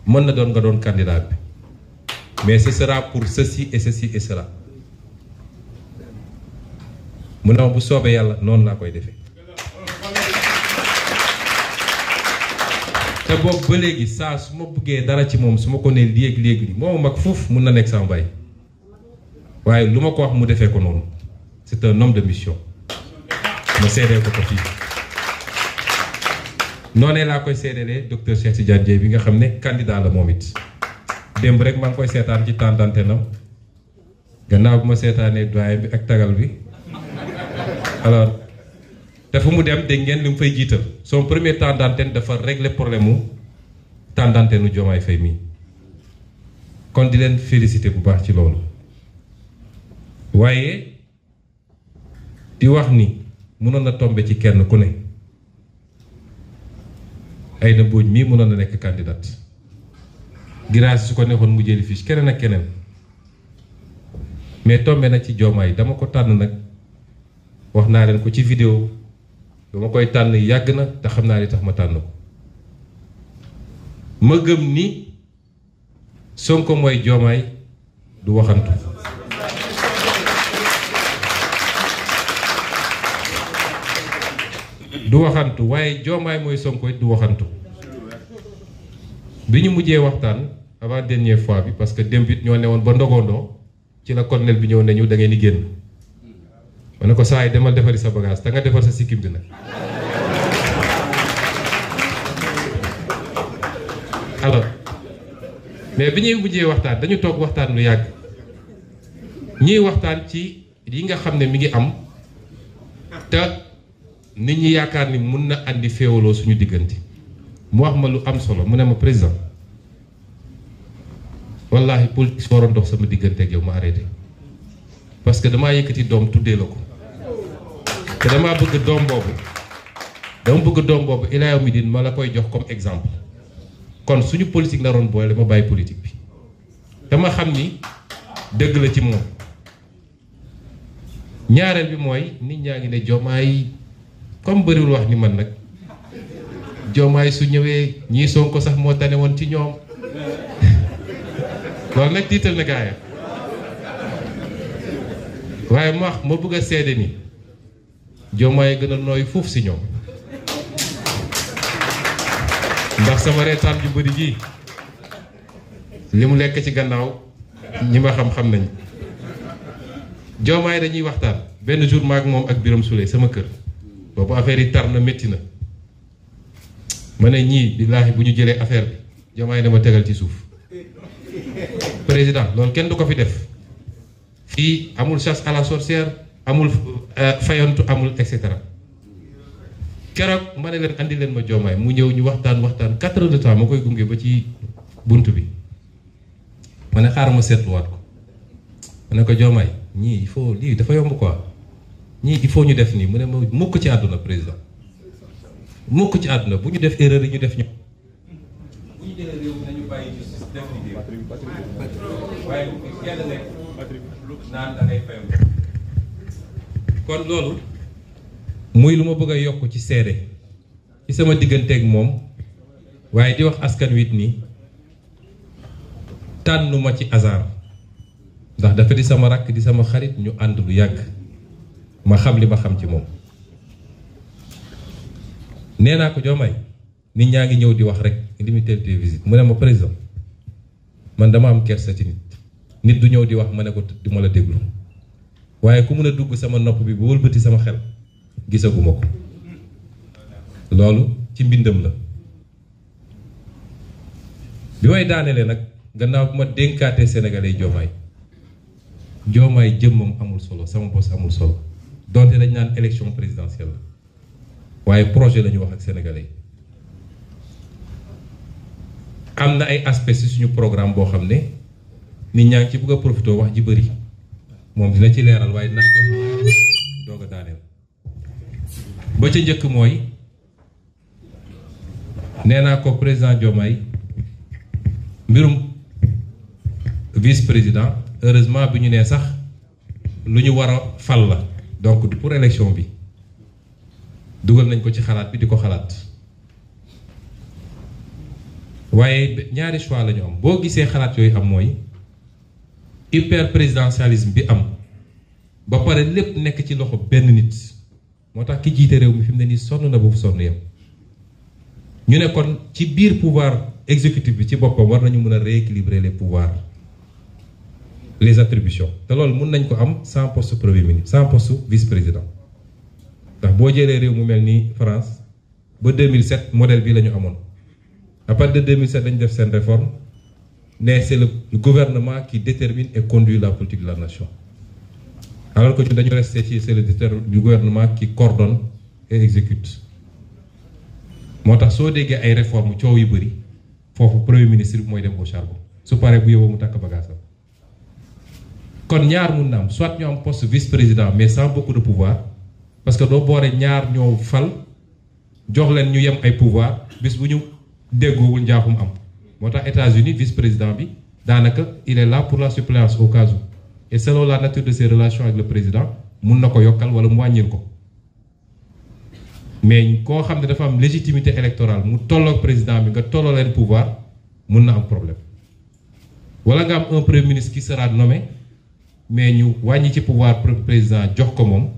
mën na doon nga doon candidat bi mais ce sera pour ceci et ceci et mu ne bu soobee yàlla noonu laa koy defee te boobu ba léegi saa su ma bëggee dara ci moom su ma ko nee léeg léeg li moo mag foofu mun na nekk sama baay waaye lu ma ko wax mu defee ko noonu c'est te homme de mission ma seedee ko ko fii noonee laa koy seedelee docteur Cheikh Tidiane bi nga xam ne candidat la moom it démb rek maa ngi koy seetaan ci tàntante nam gannaaw bi ma seetaanee doyen bi ak tagal bi alors dafa mu dem de ngeen li mu fay jiital son premier temps d'antenne dafa régler problème mu temps d'antenne u Diomaye mii kon di leen féliciter bu baax ci loolu waaye di wax ni mënoon na tombe ci kenn ku ne ay na booj mii mënoon na nekk candidat giraas su ko nekkoon mu jëli fiche keneen ak keneen mais tombe na ci Diomaye dama ko tànn nag wax naa leen ko ci vidéo ba ma koy tànn yàgg na te xam naa li tax ma tànn ko ma gëm ni Sonko mooy joomaay du waxantu du waxantu waaye joomaay mooy Sonko du waxantu bi ñu mujjee waxtaan avant dernière fois bi parce que démb it ñoo newoon ba ndogondoo ci la colonel bi ñëw nañu da ngeen di génn ma ko saa yi demal defari sa bagage te nga defar sa sikkim bi nag alors mais bi ñuy mujjee waxtaan dañu toog waxtaan lu yàgg ñuy waxtaan ci yi nga xam ne mi ngi am te nit ñi yaakaar ni mun na andi féewaloo suñu diggante mu wax ma lu am solo mu ne ma président wallaahi politique soo waroon dox sama diggante ak yow ma arrêté parce que damaa yëkkati doom tuddee la ko te damaa bëgg doom boobu dama bëgg doom boobu Ilaah Midine ma la koy jox comme exemple kon suñu politique naroon boole ma bàyyi politique bi dama xam ni dëgg la ci moom ñaareel bi mooy nit ñaa ngi ne Diomaye comme bëriwul wax ni man nag Diomaye su ñëwee ñii Sonko sax moo tane woon ci ñoom loolu nag tiital na gaaya waaye ma wax ma bëgg a seede ni. Diomaye gën a nooy foofu ci ñoom ndax sama reetaan ju bëri ji li mu lekk ci gannaaw ñi ma xam-xam nañ Diomaye dañuy waxtaan benn jour maag moom ak biram sule sama kër boobu affaire yi tar na metti na mën ne ñii billaahi bu ñu jëlee affaire bi Diomaye dama tegal ci suuf président loolu kenn du ko fi def fii amul chasse à amul euh, fayantu amul et cetera keroog ma ne leen indi leen ma joomaay mu ñëw ñu waxtaan waxtaan quatre heures de temps ma koy gunge ba ci bunt bi ma ne xaaral ma seetluwaat ko ma ne ko joomaay ñii il faut lii dafa yomb quoi ñii il faut ñu def nii mu ne ma mukk ci àdduna président mukk ci àdduna bu ñu def erreur yi ñu def ñu kon loolu muy lu ma bëgg a yokk ci seede ci sama digganteeg moom waaye di wax askan wit ni tànnuma ci hasard ndax dafa di sama rakk di sama xarit ñu ànd lu yàgg ma xam li ma xam ci moom nee naa ko Diomaye nit ñaa ngi ñëw di wax rek li mu teel mu ne ma président man dama am kersa ci nit nit du ñëw di wax ma ne ko du ma la déglu waaye ku mën a dugg sama nopp bi bu wëlbati sama xel gisaguma ko loolu ci mbindam la bi may daaneele nag gannaaw bu ma dénkaatee sénégalais joomaay joomaay jëmmam amul solo sama bos amul solo donte dañ naan élection présidentielle la waaye projet la wax ak sénégalais am na ay aspects ci suñu programme boo xam ne nit ñaa ngi ci bëgg a profité wax ji bëri moom dina ci leeral waaye dinaa jox doog ba ca njëkk mooy nee naa ko président jomaay mbirum vice président heureusement bi ñu nee sax lu ñu war a fal la donc pour élection bi dugal nañ ko ci xalaat bi di ko xalaat waaye ñaari choix la am boo gisee xalaat yooyu am mooy hyper présidentialisme bi am ba pare lépp nekk ci loxo benn nit moo tax ki jiite réew mi fim mu ne nii sonn na boobu sonn yam ñu ne kon ci biir pouvoir exécutif bi ci boppam war nañu mën a rééquilibrer les pouvoirs les attributions te loolu mun nañ ko am sans poste premier ministre sans poste vice président ndax boo jëlee réew mu mel ni France ba 2007 modèle bi la ñu amoon à partir de 2007 dañu def seen réforme. mais c'est le gouvernement qui détermine et conduit la politique de la nation alors que ñun dañu resté ci c'est le gouvernement qui coordonne et moo tax soo déggee ay réformes coow yu bëri foofu premier ministre mooy dem au charbon su paree bu yóbboo mu takk bagaasam kon ñaar mun na am soit ñu am poste vice président mais sans beaucoup de pouvoir parce que doo boore ñaar ñoo fal jox leen ñu yem ay pouvoir bis bu ñu déggoowul njaaxum am moo tax États-Unis vice-président bi daanaka il est là pour la suppléance au cas où et selon la nature de ses relations avec le président mun na ko yokkal wala mu wàññil ko mais koo xam ne dafa am légitimité électorale mu tolloog président bi nga tolloo leen pouvoir mun na am problème wala nga am un premier ministre qui sera nommé mais ñu wàññi ci pouvoir président jox ko moom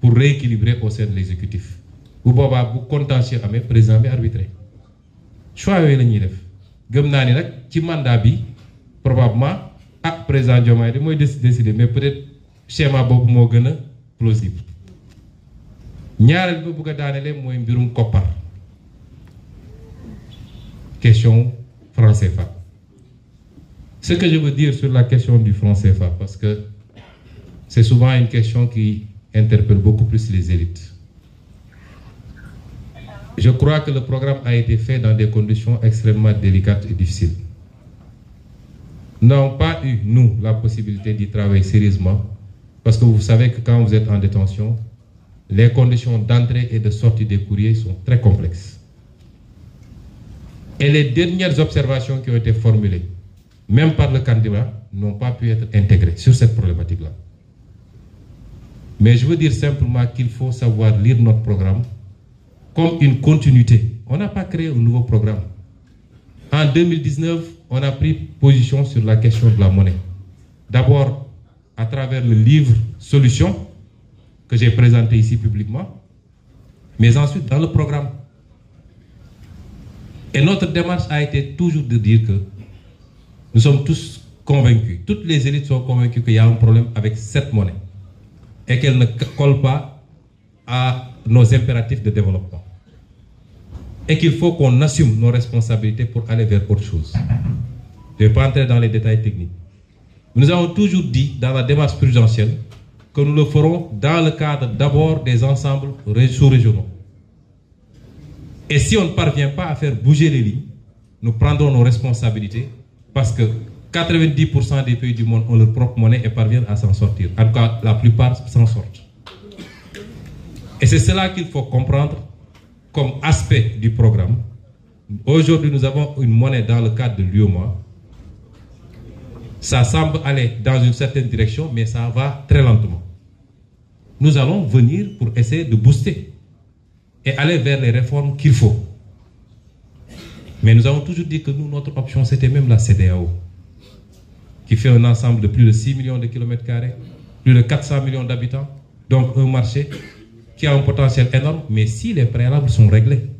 pour rééquilibrer au sein de l'exécutif bu boobaa bu contentieux amee président bi arbitré choix la ñuy def. gëm naa ni nag ci mandat bi probablement ah président Diomaye de mooy décider mais peut-être schéma boobu moo gën a plausible ñaareel ba bëgg a daanelee mooy mbirum koppar question franc CFA ce que je veux dire sur la question du franc fa parce que c'est souvent une question qui interpelle beaucoup plus les élites Je crois que le programme a été fait dans des conditions extrêmement délicates et difficiles. Nous pas eu, nous, la possibilité d'y travailler sérieusement, parce que vous savez que quand vous êtes en détention, les conditions d'entrée et de sortie des courriers sont très complexes. Et les dernières observations qui ont été formulées, même par le candidat, n'ont pas pu être intégrées sur cette problématique-là. Mais je veux dire simplement qu'il faut savoir comme une continuité. On n'a pas créé un nouveau programme. En 2019, on a pris position sur la question de la monnaie. D'abord, à travers le livre solution que j'ai présenté ici publiquement, mais ensuite dans le programme. Et notre démarche a été toujours de dire que nous sommes tous convaincus, toutes les élites sont convaincues qu'il y a un problème avec cette monnaie et qu'elle ne colle pas à nos impératifs de développement. et qu'il faut qu'on assume nos responsabilités pour aller vers les détails techniques. Nous toujours dit dans la démarche prudentielle que le ferons dans le cadre d'abord des ensembles sous-régionaux. Et si on ne parvient pas à parce que 90% des pays du monde ont leur propre monnaie à s'en sortir. En tout cas, la plupart s'en comme aspect du programme. Aujourd'hui, nous avons une monnaie dans le cadre de l'UOMA. Ça semble aller dans une certaine direction, mais ça va très lentement. Nous allons venir pour essayer de booster et aller vers les réformes qu'il faut. Mais nous avons toujours dit que notre option, c'était même la CDAO, qui fait un ensemble de plus de 6 millions de kilomètres carrés, plus de 400 millions d'habitants, donc un marché qui a un potentiel énorme, mais si les préalables sont réglés,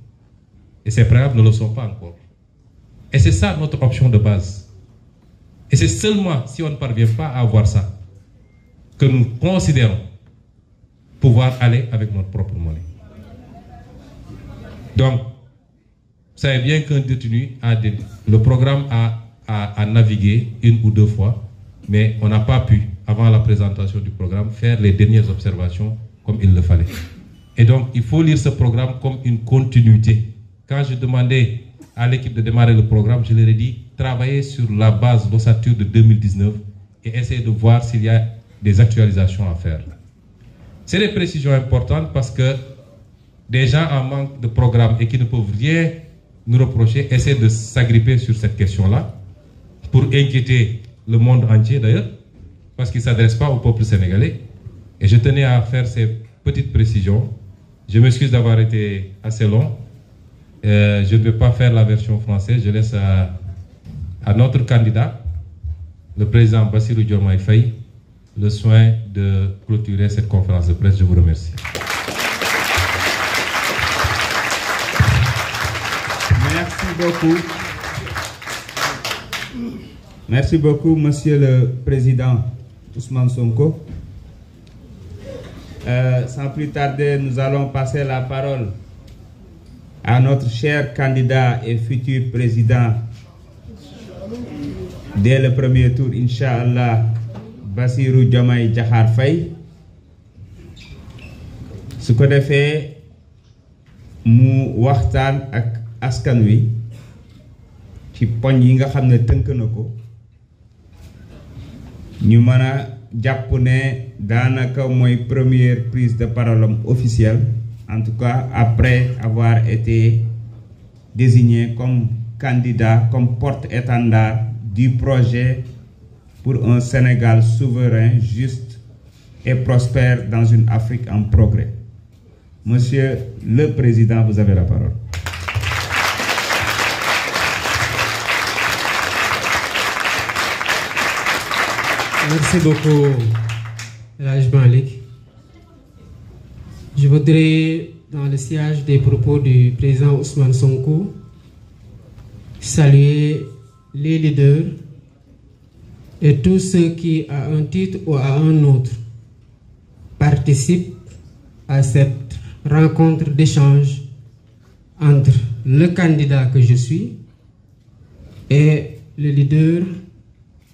et ces préalables ne le sont pas encore. Et c'est ça notre option de base. Et c'est seulement si on ne parvient pas à avoir ça que nous considérons pouvoir aller avec notre propre monnaie. Donc, vous savez bien qu'un détenu a des, le programme à a, a, navigué une ou deux fois, mais on n'a pas pu, avant la présentation du programme, faire les dernières observations comme il le fallait. Et donc, il faut lire ce programme comme une continuité. Quand je demandais à l'équipe de démarrer le programme, je leur ai sur la base d'ossature de 2019 et essayez de voir s'il des actualisations à faire. C'est des précisions importantes que des en manque de programme et qui ne peuvent rien nous reprocher de s'agripper sur cette question-là pour inquiéter le monde entier parce qu'ils ne s'adressent pas au Et je tenais à faire ces petites précisions. Je m'excuse d'avoir été assez long. Euh, je ne vais pas faire la version française. Je laisse à, notre candidat, le président Bassirou Diomaye Faye, le soin de clôturer cette conférence de presse. Je vous remercie. beaucoup. Monsieur le Président Ousmane Sonko. Euh, sans plus tarder, nous allons passer la parole à notre cher candidat et futur président dès le premier tour, Inch'Allah, Bassirou Diomaye Diakhar Faye su ko defee mu waxtaan ak askan wi ci poñ yi nga xam ne tënk na ko ñu mën a jàpp ne daanaka mooy première prise de parole am officielle en tout cas après avoir été désigné comme candidat comme porte-étendard du projet pour un Sénégal souverain juste et prospère dans une Afrique en progrès monsieur le président vous avez la parole Merci beaucoup, Raj Malik. Je voudrais, dans le sillage des propos du président Ousmane Sonko, saluer les leaders et tous ceux qui, à un titre ou à un autre, participent à cette rencontre d'échange entre le candidat que je suis et le leader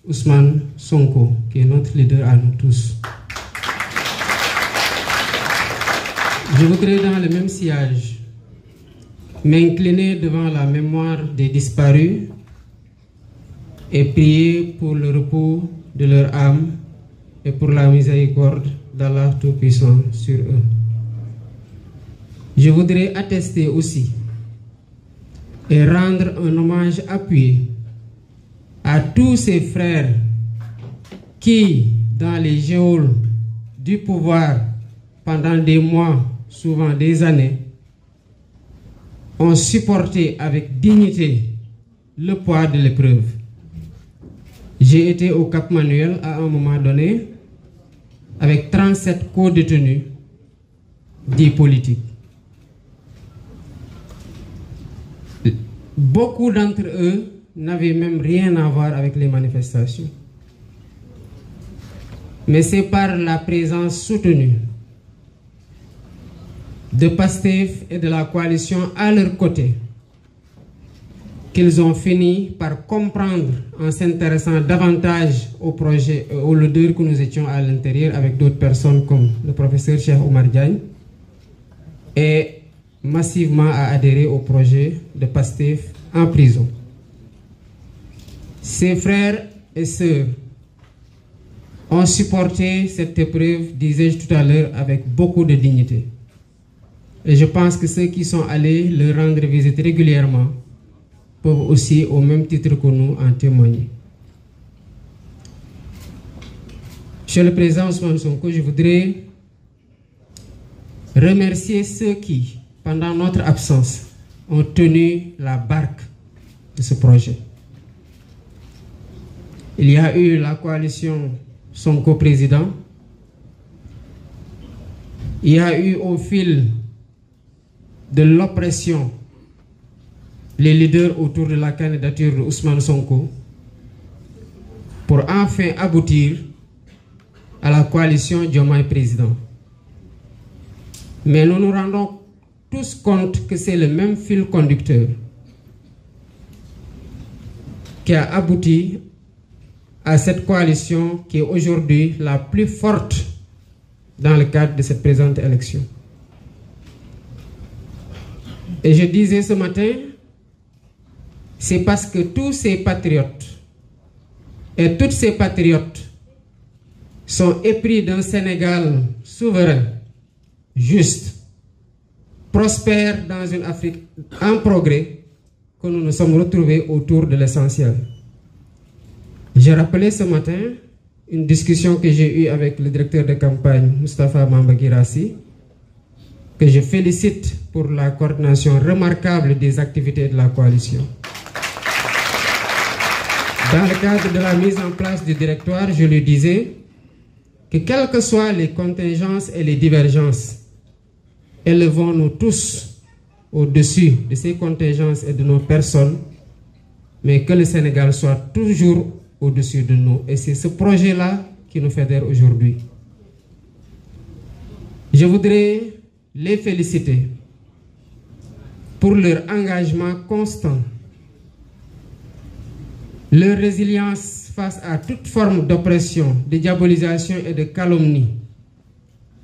Ousmane Sonko. qui est notre leader à nous tous. Je voudrais, dans le même sillage, m'incliner devant la mémoire des disparus et prier pour le repos de leur âme et pour la miséricorde d'Allah Tout-Puissant sur eux. Je voudrais attester aussi et rendre un hommage appuyé à tous ces frères qui, dans les geôles du pouvoir pendant des mois, souvent des années, ont supporté avec dignité le poids de l'épreuve. J'ai été au Cap Manuel à un moment donné avec 37 co-détenus des politiques. Beaucoup d'entre eux n'avaient même rien à voir avec les manifestations. mais c'est par la présence soutenue de PASTEF et de la coalition à leur côté qu'ils ont fini par comprendre en s'intéressant davantage au projet, euh, au leader que nous étions à l'intérieur avec d'autres personnes comme le professeur Cheikh Omar Diagne et massivement à adhérer au projet de PASTEF en prison. Ses frères et sœurs ont supporté cette épreuve, disais-je tout à l'heure, avec beaucoup de dignité. Et je pense que ceux qui sont allés leur rendre visite régulièrement peuvent aussi, au même titre que nous, en témoigner. Monsieur le Président Ousmane je voudrais remercier ceux qui, pendant notre absence, ont tenu la barque de ce projet. Il y a eu la coalition Sonko président. Il y a eu au fil de l'oppression les leaders autour de la candidature de Ousmane Sonko pour enfin aboutir à la coalition Diomaye président. Mais nous nous rendons tous compte que c'est le même fil conducteur qui a abouti à cette coalition qui est aujourd'hui la plus forte dans le cadre de cette présente élection. Et je disais ce matin, c'est parce que tous ces patriotes et toutes ces patriotes sont épris d'un Sénégal souverain, juste, prospère dans une Afrique en progrès que nous nous sommes retrouvés autour de l'essentiel. J'ai rappelé ce matin une discussion que j'ai eue avec le directeur de campagne, Mustapha Mambagirassi, que je félicite pour la coordination remarquable des activités de la coalition. Dans le cadre de la mise en place du directoire, je lui disais que quelles que soient les contingences et les divergences, élevons-nous tous au-dessus de ces contingences et de nos personnes, mais que le Sénégal soit toujours au-dessus de nous. Et c'est ce projet-là qui nous fédère aujourd'hui. Je voudrais les féliciter pour leur engagement constant, leur résilience face à toute forme d'oppression, de diabolisation et de calomnie.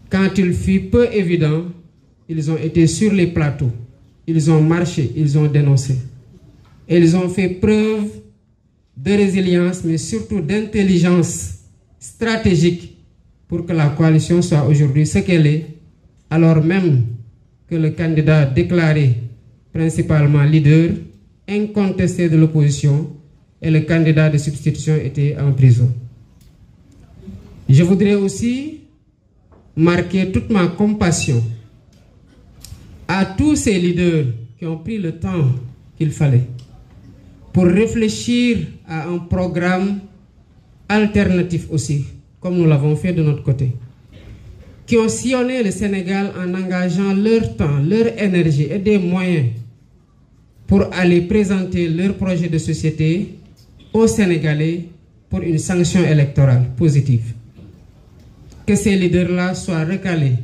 Quand il fut peu évident, ils ont été sur les plateaux, ils ont marché, ils ont dénoncé. Ils ont fait preuve de résilience, mais surtout d'intelligence stratégique pour que la coalition soit aujourd'hui ce qu'elle est, alors même que le candidat déclaré principalement leader, incontesté de l'opposition, et le candidat de substitution était en prison. Je voudrais aussi marquer toute ma compassion à tous ces leaders qui ont pris le temps qu'il fallait pour réfléchir à un programme alternatif aussi, comme nous l'avons fait de notre côté, qui ont sillonné le Sénégal en engageant leur temps, leur énergie et des moyens pour aller présenter leur projet de société aux Sénégalais pour une sanction électorale positive. Que ces leaders-là soient recalés,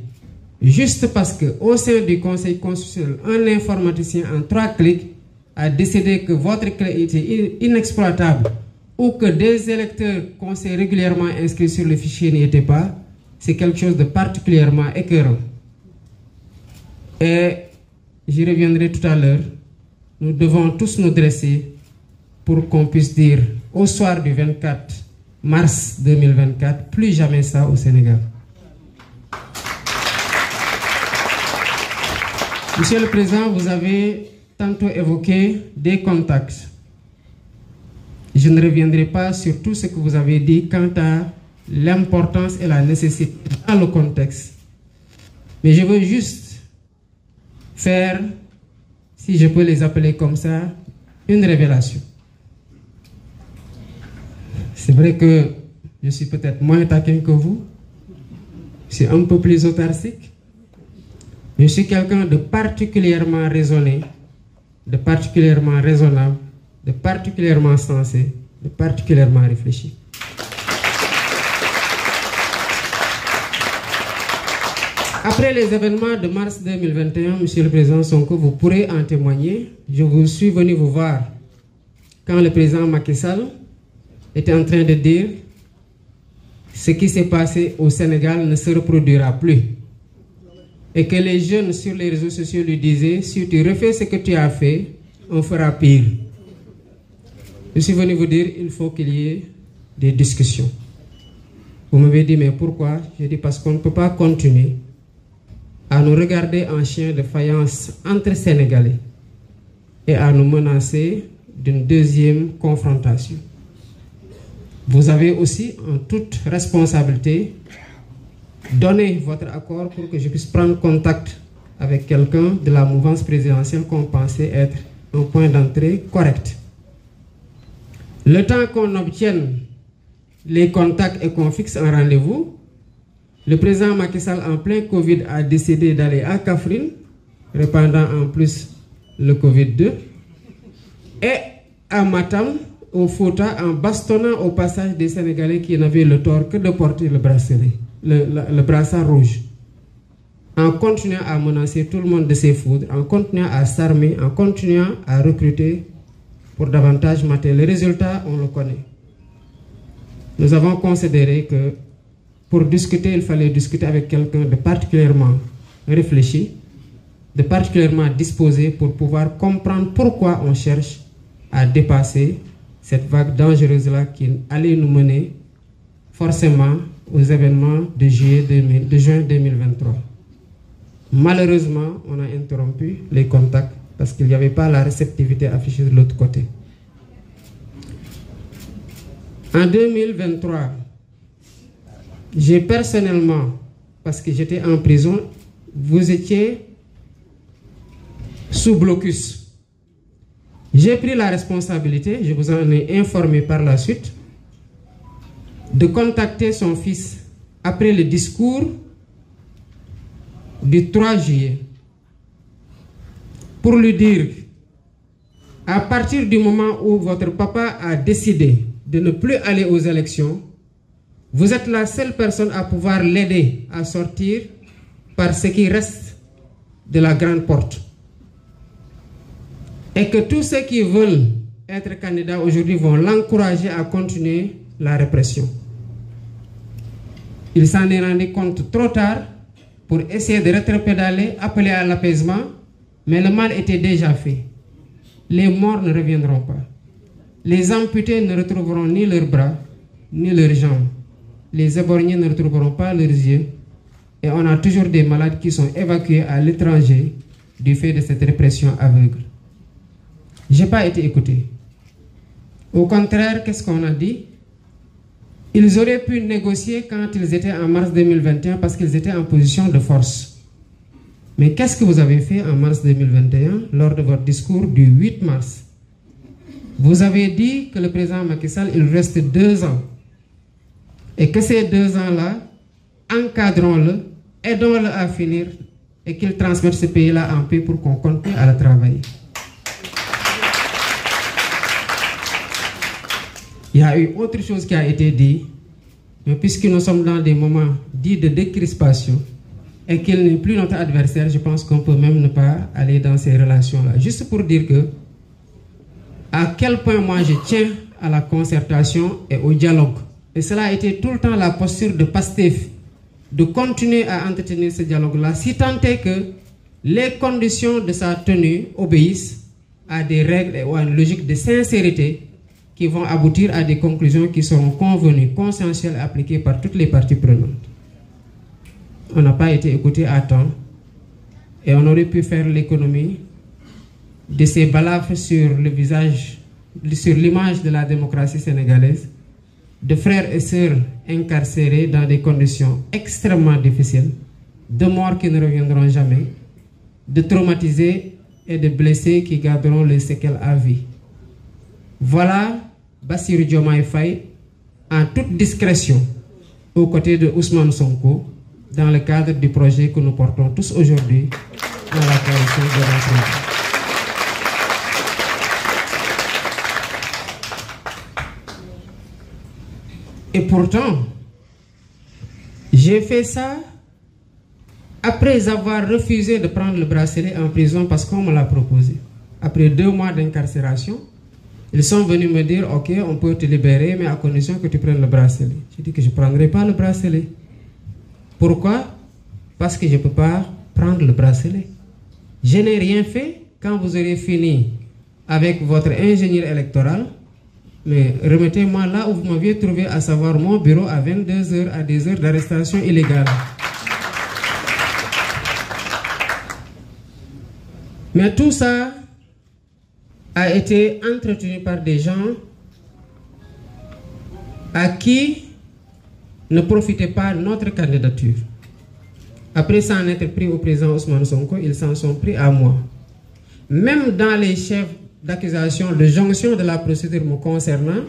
juste parce que au sein du Conseil constitutionnel, un informaticien en trois clics a décidé que votre clé était inexploitable des électeurs qu'on s'est régulièrement inscrits le fichier n'y pas, c'est quelque particulièrement Et j'y reviendrai tout à l'heure, nous devons tous pour qu'on au soir du 24 mars 2024, plus jamais ça au Sénégal. Monsieur le Président, tantôt évoqué des contacts. Je ne reviendrai pas sur tout ce que vous avez dit quant à l'importance et la nécessité dans le contexte. Mais je veux juste faire, si je peux les appeler comme ça, une révélation. C'est vrai que je suis peut-être moins taquin que vous. Je suis un peu plus autarcique. Je suis quelqu'un de particulièrement raisonné de particulièrement raisonnable, de particulièrement sensé, de particulièrement réfléchi. Après les événements de mars 2021, Monsieur le Président Sonko, vous pourrez en témoigner. Je vous suis venu vous voir quand le président Macky Sall était en train de dire ce qui s'est passé au Sénégal ne se reproduira plus. et que les jeunes sur les réseaux sociaux lui disaient, si tu refais ce que tu as fait, on fera pire. Je suis venu vous dire, il faut qu'il y ait des discussions. Vous m'avez dit, mais pourquoi J'ai dit, parce qu'on ne peut pas continuer à nous regarder en chien de faïence entre Sénégalais et à nous menacer d'une deuxième confrontation. Vous avez aussi en toute responsabilité donner votre accord pour que je puisse prendre contact avec quelqu'un de la mouvance présidentielle qu'on pensait être un point d'entrée correct. Le temps qu'on obtienne les contacts et qu'on fixe un rendez-vous, le président Macky Sall en plein Covid a décidé d'aller à Kafrine, répandant en plus le Covid-2, et à Matam, au Fota, en bastonnant au passage des Sénégalais qui n'avaient le tort que de porter le bracelet. le, le, le, brassard rouge, en continuant à menacer tout le monde de ses foudres, en continuant à s'armer, en continuant à recruter pour davantage mater. Les résultat on le connaît. Nous avons considéré que pour discuter, il fallait discuter avec quelqu'un de particulièrement réfléchi, de particulièrement disposé pour pouvoir comprendre pourquoi on cherche à dépasser cette vague dangereuse-là qui allait nous mener forcément aux événements de, juillet 2000, de juin 2023. Malheureusement, on a interrompu les contacts parce qu'il n'y avait pas la réceptivité affichée de l'autre côté. En 2023, j'ai personnellement, parce que j'étais en prison, vous étiez sous blocus. J'ai pris la responsabilité, je par la suite, de contacter son fils après le discours du 3 juillet pour lui dire à partir du moment où votre papa a décidé de ne plus aller aux élections, vous êtes la seule personne à pouvoir l'aider à sortir par ce qui reste de la grande porte. Et que tous ceux qui veulent être candidats aujourd'hui vont l'encourager à continuer la répression. Il s'en est rendu compte trop tard pour essayer de rétropédaler, appeler à l'apaisement, mais le mal était déjà fait. Les morts ne reviendront pas. Les amputés ne retrouveront ni leurs bras, ni leurs jambes. Les éborgnés ne retrouveront pas leurs yeux. Et on a toujours des malades qui sont évacués à l'étranger du fait de cette répression aveugle. J'ai pas été écouté. Au contraire, qu'est-ce qu'on a dit Ils auraient pu négocier quand ils étaient en mars 2021 parce qu'ils étaient en position de force. Mais qu'est-ce que vous avez fait en mars 2021 lors de votre discours du 8 mars Vous avez dit que le président Macky Sall, il reste deux ans. Et que ces deux ans-là, encadrons-le, aidons-le à finir et qu'il transmette ce pays-là en paix pour qu'on continue à le travailler. Il y a eu autre chose qui a été dit, puisque nous sommes dans des moments dits de décrispation et qu'il n'est plus notre adversaire, je pense qu'on peut même ne pas aller dans ces relations-là. Juste pour dire que à quel point moi je à la concertation et au dialogue. Et cela a été tout le temps la posture de Pastef, de continuer à entretenir ce dialogue-là, si tant que les conditions de sa tenue obéissent à des règles ou à une de sincérité qui vont aboutir à des conclusions qui seront convenues, consensuelles, appliquées par toutes les parties prenantes. On n'a pas été écouté à temps et on aurait pu faire l'économie de ces balafres sur le l'image de la démocratie sénégalaise, de frères et sœurs incarcérés dans des conditions extrêmement difficiles, de morts qui ne reviendront jamais, de traumatisés et de blessés qui garderont les séquelles à vie. Voilà Bassirou Diomaye Faye en toute discrétion aux côtés de Ousmane Sonko dans le cadre du projet que nous portons tous aujourd'hui dans la coalition Et pourtant, j'ai fait ça après avoir refusé de prendre le bracelet en prison parce qu'on l'a proposé. Après deux mois d'incarcération, Ils sont venus me dire, ok, on peut te libérer, mais à condition que tu prennes le bracelet. J'ai dit que je prendrai pas le bracelet. Pourquoi Parce que je ne peux pas prendre le bracelet. Je n'ai rien fait. Quand vous aurez fini avec votre ingénieur électoral, mais remettez-moi là où vous m'aviez trouvé, à savoir mon bureau à 22h à 10h d'arrestation illégale. Mais tout ça, a été entretenu par des gens à qui ne profitait pas notre candidature. Après s'en être pris au président Ousmane Sonko, ils s'en sont pris à moi. Même dans les chefs d'accusation de jonction de la procédure me concernant,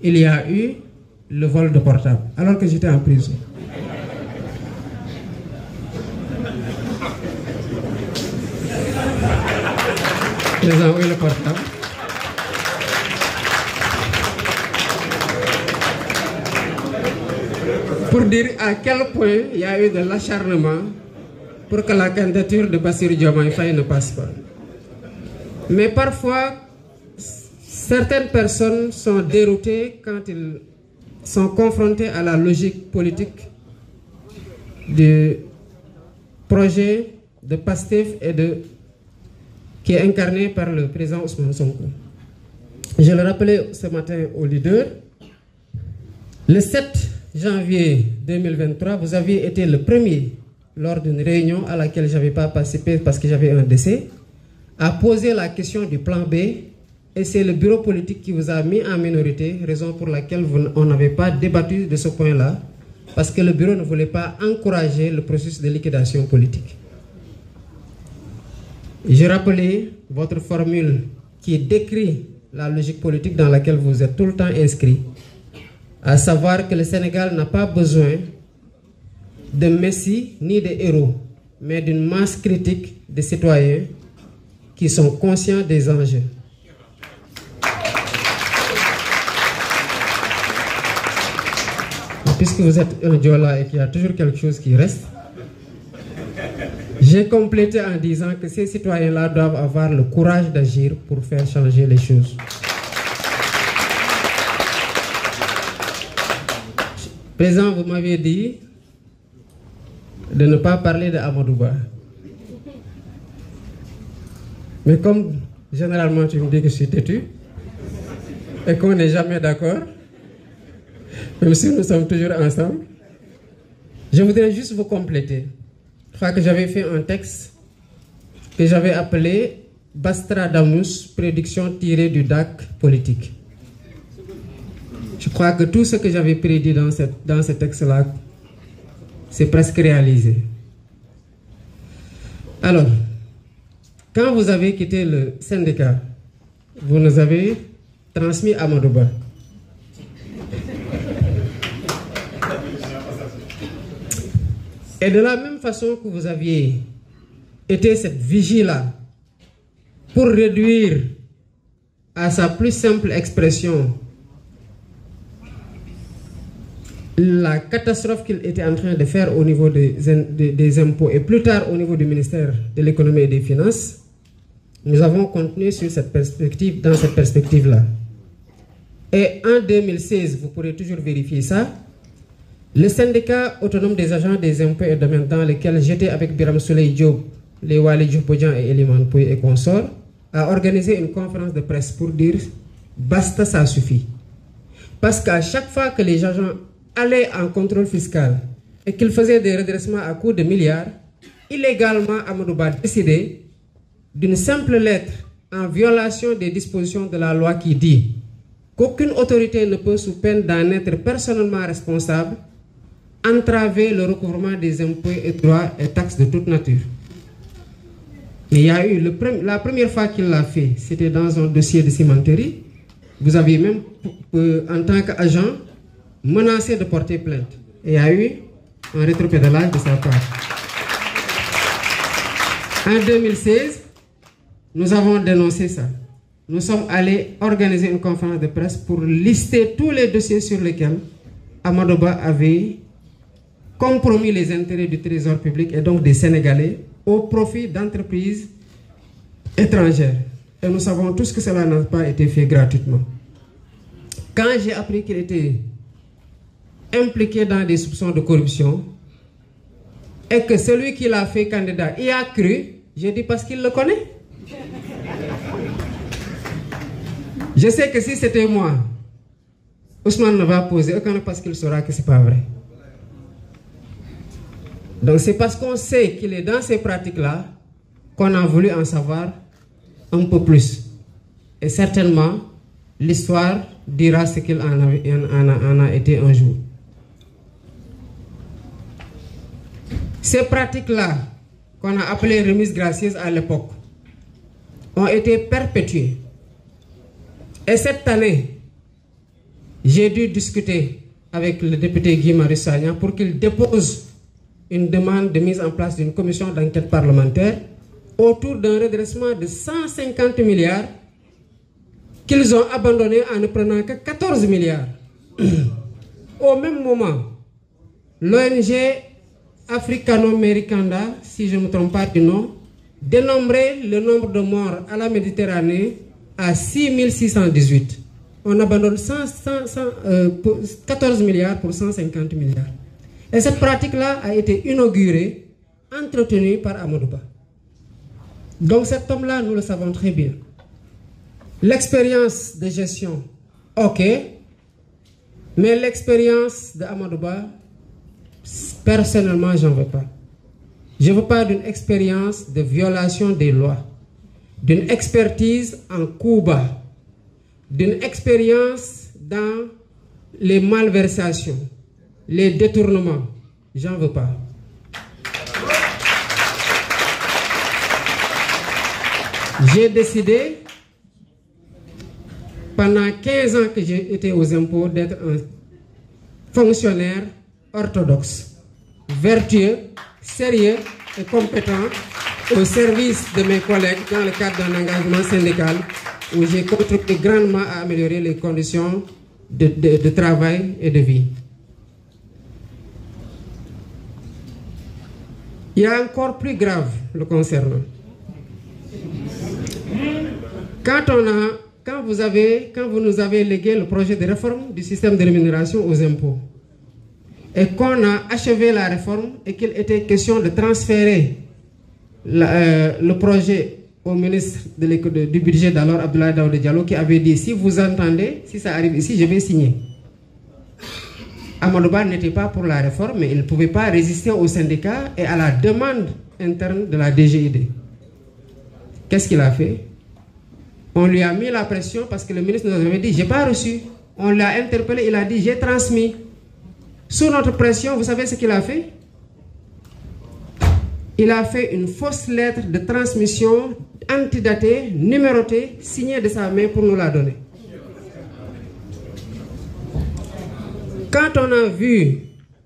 il y a eu le vol de portable, alors que j'étais en prison. Pour dire à quel point y a eu de l'acharnement pour que la candidature de Bassir Diomaye Faye ne Mais parfois, certaines personnes sont déroutées quand ils sont confrontés à la logique politique du projet de PASTEF et de qui est incarné par le président Ousmane Sonko. Je au leader, le 7 janvier 2023, vous aviez été le premier, lors d'une réunion à laquelle je n'avais pas participé que j'avais un décès, à poser la question du plan B et le bureau politique qui vous a mis en minorité, raison pour laquelle vous, on n'avait que le bureau ne voulait pas encourager le processus de liquidation politique. Je rappelais votre formule qui décrit la logique politique dans laquelle vous êtes tout le temps inscrit, à savoir que le Sénégal n'a pas besoin de messie ni de héros, mais d'une masse critique de citoyens qui sont conscients des enjeux. Puisque vous êtes un Diola et qu'il y a toujours quelque chose qui reste, J'ai complété en disant que ces citoyens-là doivent avoir le courage d'agir pour faire changer les choses. Président, vous m'aviez dit de ne pas parler de Amadouba. Mais comme généralement tu me dis que je suis têtu et qu'on n'est jamais d'accord, même si nous sommes toujours ensemble, je voudrais juste vous compléter. Je crois que j'avais fait un texte que j'avais appelé Bastradamus, prédiction tirée du DAC politique. Je crois que tout ce que j'avais prédit dans, cette, dans ce texte-là, c'est presque réalisé. Alors, quand vous avez quitté le syndicat, vous nous avez transmis Amadouba. Et de la même façon que vous aviez été cette vigie-là pour réduire à sa plus simple expression la catastrophe qu'il était en train de faire au niveau des, des, des, impôts et plus tard au niveau du ministère de l'économie et des finances, nous avons continué sur cette perspective, dans cette perspective-là. Et en 2016, vous pourrez toujours vérifier ça, Le syndicat autonome des agents des impôts et domaines dans lequel j'étais avec Biram Souley Diop, les Wali Djoubodjan et Eliman Pouy et consorts, a organisé une conférence de presse pour dire basta, ça suffit. Parce qu'à chaque fois que les agents allaient en contrôle fiscal et qu'ils faisaient des redressements à coût de milliards, illégalement Amadouba décidé d'une simple lettre en violation des dispositions de la loi qui dit qu'aucune autorité ne peut sous peine entraver le recouvrement des impôts et droits et taxes de toute nature. y a eu, le pre la première fois qu'il l'a fait, c'était dans un dossier de cimenterie. Vous aviez même, en tant qu'agent, menacé de porter plainte. Et il y a eu un rétropédalage de sa part. En 2016, nous avons dénoncé ça. Nous sommes allés organiser une conférence de presse pour lister tous les dossiers sur lesquels Amadoba avait compromis les intérêts du trésor public et donc des Sénégalais au profit d'entreprises étrangères. Et nous savons tous que cela n'a pas été fait gratuitement. Quand j'ai appris qu'il était impliqué dans des soupçons de corruption et que celui qui l'a fait candidat y a cru, j'ai dit parce qu'il le connaît. Je sais que si c'était moi, Ousmane ne va poser aucun parce qu'il saura que c'est pas vrai. Donc c'est parce qu'on sait qu'il est dans ces pratiques-là qu'on a voulu en savoir un peu plus. Et certainement, l'histoire dira ce qu'il en, en, en, a été un jour. Ces pratiques-là, qu'on a appelées remises gracieuses à l'époque, ont été perpétuées. Et cette année, j'ai dû discuter avec le député Guy Marissagna pour qu'il dépose une demande de mise en place d'une commission d'enquête parlementaire autour d'un redressement de 150 milliards qu'ils ont abandonné en ne prenant que 14 milliards. Au même moment, l'ONG Africano-Americanda, si je ne me trompe pas le nombre de morts à la Méditerranée à 6618. On abandonne 100, 100, 100, euh, 14 milliards pour 150 milliards. Et cette pratique-là a été inaugurée, entretenue par Amadouba. Donc cet homme-là, nous le savons très bien. L'expérience de gestion, ok, mais l'expérience d'Amadouba, personnellement, j'en veux pas. Je vous parle d'une expérience de violation des lois, d'une expertise en couba d'une expérience dans les malversations, les détournements, J'ai décidé, pendant ans que j'ai été aux impôts, d'être un fonctionnaire orthodoxe, vertueux, sérieux et compétent au service de mes collègues dans le cadre d'un engagement syndical où j'ai contribué grandement à améliorer les conditions de travail et de vie. Il y a encore plus grave le concernant. Quand, on a, quand, vous avez, nous avez légué le projet de réforme du système de rémunération aux impôts, et qu'on a achevé la réforme et qu'il était question de transférer la, euh, le projet au ministre de de, du budget d'alors, Abdoulaye Daoud Diallo, qui avait dit, si vous entendez, si ça arrive ici, je vais signer. Amadou Ba n'était pas pour la réforme, mais il ne pouvait pas résister aux syndicats et à la demande interne de la DGID. Qu'est-ce qu'il a fait On lui a mis la pression parce que le ministre nous avait dit « j'ai pas reçu ». On l'a interpellé, il a dit « j'ai transmis ». Sous notre pression, vous savez ce qu'il a fait Il a fait une fausse lettre de transmission antidatée, numéroté signée de sa main pour nous la donner. Quand on a vu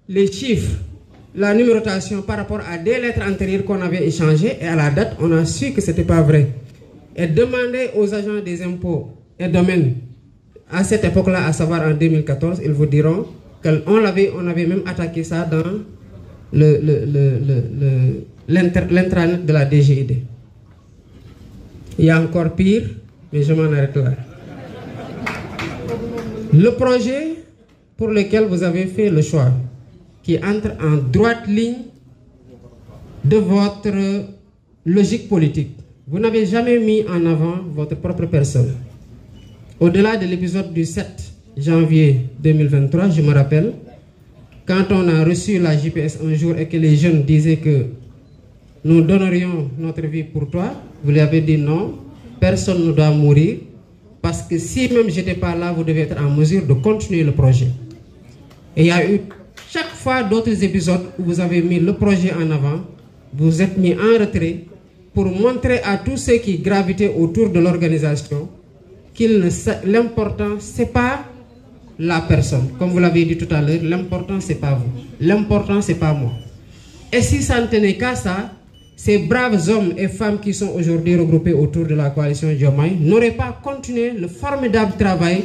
les chiffres, la numérotation par rapport à des lettres antérieures qu'on avait échangées et à la date, on a su que ce pas vrai. Et demander aux agents des impôts et domaines à cette époque-là, à savoir en 2014, ils vous diront qu'on l'avait, on avait même attaqué ça dans le le, le, le, de la DGID. Il y a encore pire, mais je m'en arrête là. Le projet pour lesquels vous avez fait le choix, qui entrent en droite ligne de votre logique politique. Vous n'avez jamais mis en avant votre propre personne. Au-delà de l'épisode du 7 janvier 2023, je me rappelle, quand on a reçu la GPS un jour et que les jeunes disaient que nous donnerions notre vie pour toi, vous lui avez dit personne ne doit mourir, parce que si même j'étais pas là, vous de continuer le projet. a chaque fois d'autres épisodes où vous avez mis le projet en avant, vous êtes mis en retrait pour montrer à tous ceux qui gravitaient autour de l'organisation qu'il l'important c'est pas la personne. Comme vous l'avez dit tout à l'heure, l'important c'est pas vous. L'important c'est pas moi. Et si ça ne tenait qu'à ça, ces braves hommes et femmes qui sont aujourd'hui regroupés autour de la coalition Diomaye n'auraient pas continué le formidable travail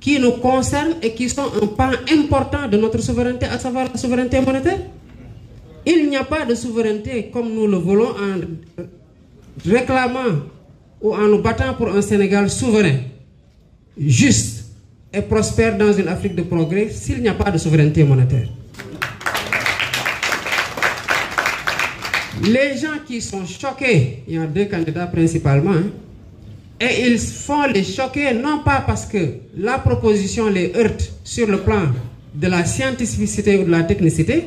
qui nous concernent et qui sont un pan important de notre souveraineté, à savoir la souveraineté monétaire. Il n'y a pas de souveraineté comme nous le voulons en euh, réclamant ou en nous battant pour un Sénégal souverain, juste et prospère dans une Afrique de progrès s'il n'y a pas de souveraineté monétaire. Les gens qui sont choqués, y a deux candidats principalement, Et ils font les choquer, non pas parce que la proposition les heurte sur le plan de la scientificité ou de la technicité,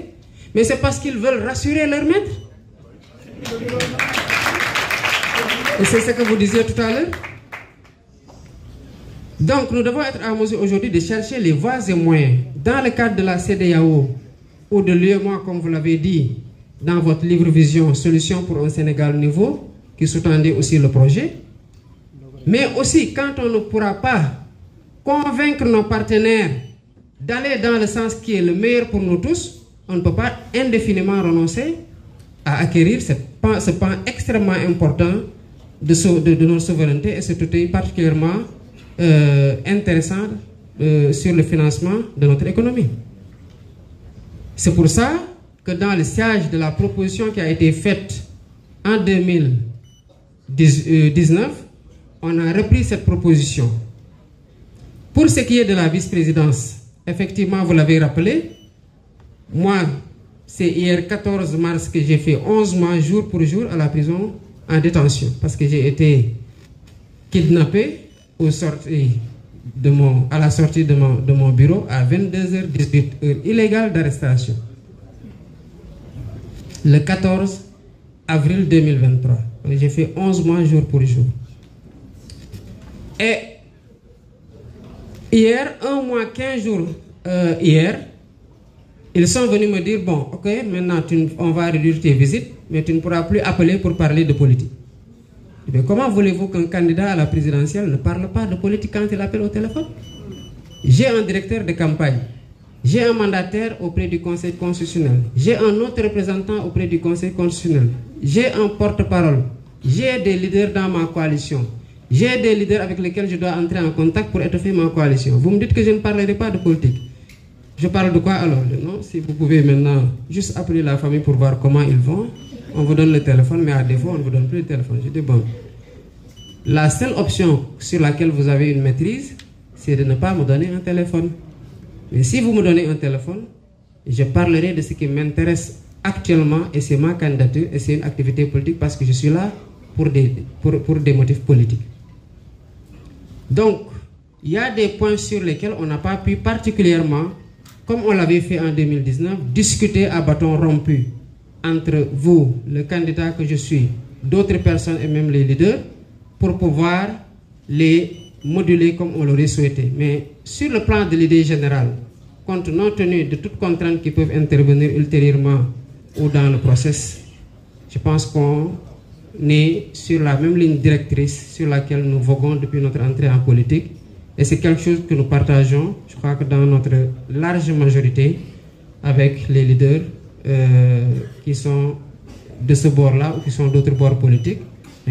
mais c'est parce qu'ils veulent rassurer leur maître. Et c'est ce que vous disiez tout à l'heure. Donc nous devons être en mesure aujourd'hui de chercher les voies et moyens, dans le cadre de la CEDEAO ou de l'UEMOA, comme vous l'avez dit dans votre livre Vision, Solutions pour un Sénégal nouveau, qui sous-tendait aussi le projet, Mais aussi, quand on ne pourra pas convaincre nos partenaires d'aller dans le sens qui le meilleur pour nous tous, on ne peut pas indéfiniment renoncer à acquérir ce pan, ce important de, so, de, de, notre souveraineté et cet outil particulièrement euh, intéressant euh, sur le financement de notre économie. pour ça que dans le siège de la proposition qui a faite en 2019, on a repris cette proposition. Pour ce de la vice-présidence, effectivement, vous l'avez rappelé, moi, c'est hier 14 mars que j'ai jour pour jour à la prison en détention parce que j'ai été kidnappé au sorti de mon, à la sortie de mon, de mon bureau à 22h18, heure illégale d'arrestation. Le 14 avril 2023. J'ai fait 11 mois jour pour jour. Et hier, un mois, 15 jours euh, hier, ils sont venus me dire, bon, ok, maintenant tu, on va réduire tes visites, mais tu ne pourras plus appeler pour parler de politique. Mais comment voulez-vous qu'un candidat à la présidentielle ne parle pas de politique quand il appelle au téléphone J'ai un directeur de campagne, j'ai un mandataire auprès du Conseil constitutionnel, j'ai un autre représentant auprès du Conseil constitutionnel, j'ai un porte-parole, j'ai des leaders dans ma coalition, J'ai des leaders avec lesquels je dois entrer en contact pour étoffer ma coalition. Vous me dites que je ne parlerai pas de politique. Je parle de quoi alors Non, si vous pouvez maintenant juste appeler la famille pour voir comment ils vont. On vous donne le téléphone, mais à défaut, on vous donne plus le téléphone. Je dis bon. La seule option sur laquelle vous avez une maîtrise, c'est de ne pas me donner un téléphone. si vous me donnez un téléphone, je parlerai d ce qui m'intéresse actuellement et c'est parce que je pour pour, pour des motifs Donc, il y a des points sur lesquels on n'a pas pu particulièrement, comme on l'avait fait en 2019, discuter à bâton rompu entre vous, le candidat que je suis, d'autres personnes et même les leaders, pour pouvoir les moduler comme on l'aurait souhaité. Mais sur le plan de l'idée générale, compte non tenu de toutes contraintes qui peuvent intervenir ultérieurement ou dans le process, je pense qu'on né sur la même ligne directrice sur laquelle nous voguons depuis notre entrée en politique. Et c'est quelque chose que nous partageons, je crois que dans notre large majorité, avec les leaders euh, qui sont de ce bord-là ou qui sont d'autres bords politiques,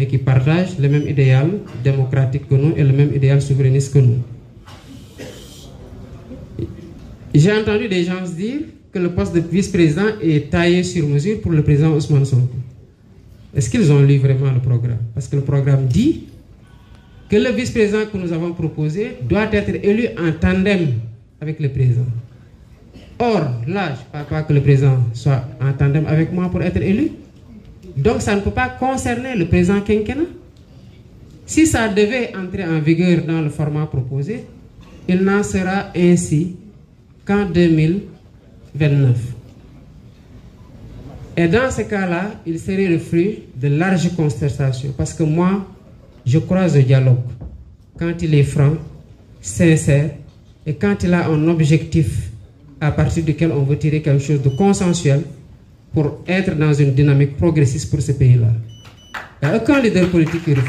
qui partagent le même idéal démocratique que nous et le même idéal souverainiste que nous. J'ai entendu des gens dire que le poste de vice-président est taillé sur mesure pour le président Ousmane Sonko. Est-ce qu'ils ont lu vraiment le programme Parce que le programme dit que le vice-président proposé doit être en tandem avec le président. Or, là, soit en tandem avec moi pour être élu. Donc, ça ne peut pas concerner le président quinquennat. Si ça devait en vigueur dans le format proposé, il n'en sera ainsi qu'en 2029. Et dans ce cas-là, il serait le de larges concertations. Parce que moi, je crois au dialogue. Quand il est franc, sincère, et quand il a un objectif à partir duquel on veut tirer quelque chose de consensuel pour être dans une dynamique progressiste pour ce pays-là. Il n'y a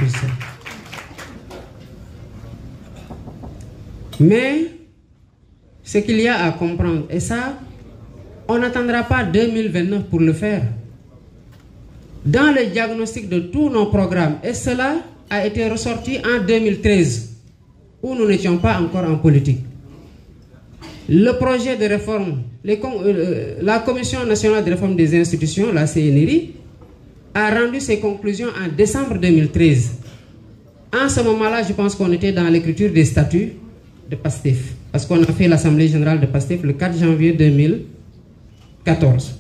Mais ce qu'il y a à comprendre, et ça, On n'attendra pas 2029 pour le faire. Dans le diagnostic de tous nos programmes, et cela a été ressorti en 2013, où nous n'étions pas encore en politique. Le projet de réforme, les, euh, euh, la Commission nationale de réforme des institutions, la CNRI, a rendu ses conclusions en décembre 2013. En ce moment-là, je pense qu'on était dans l'écriture des statuts de PASTEF, parce qu'on a fait l'Assemblée générale de PASTEF le janvier 14.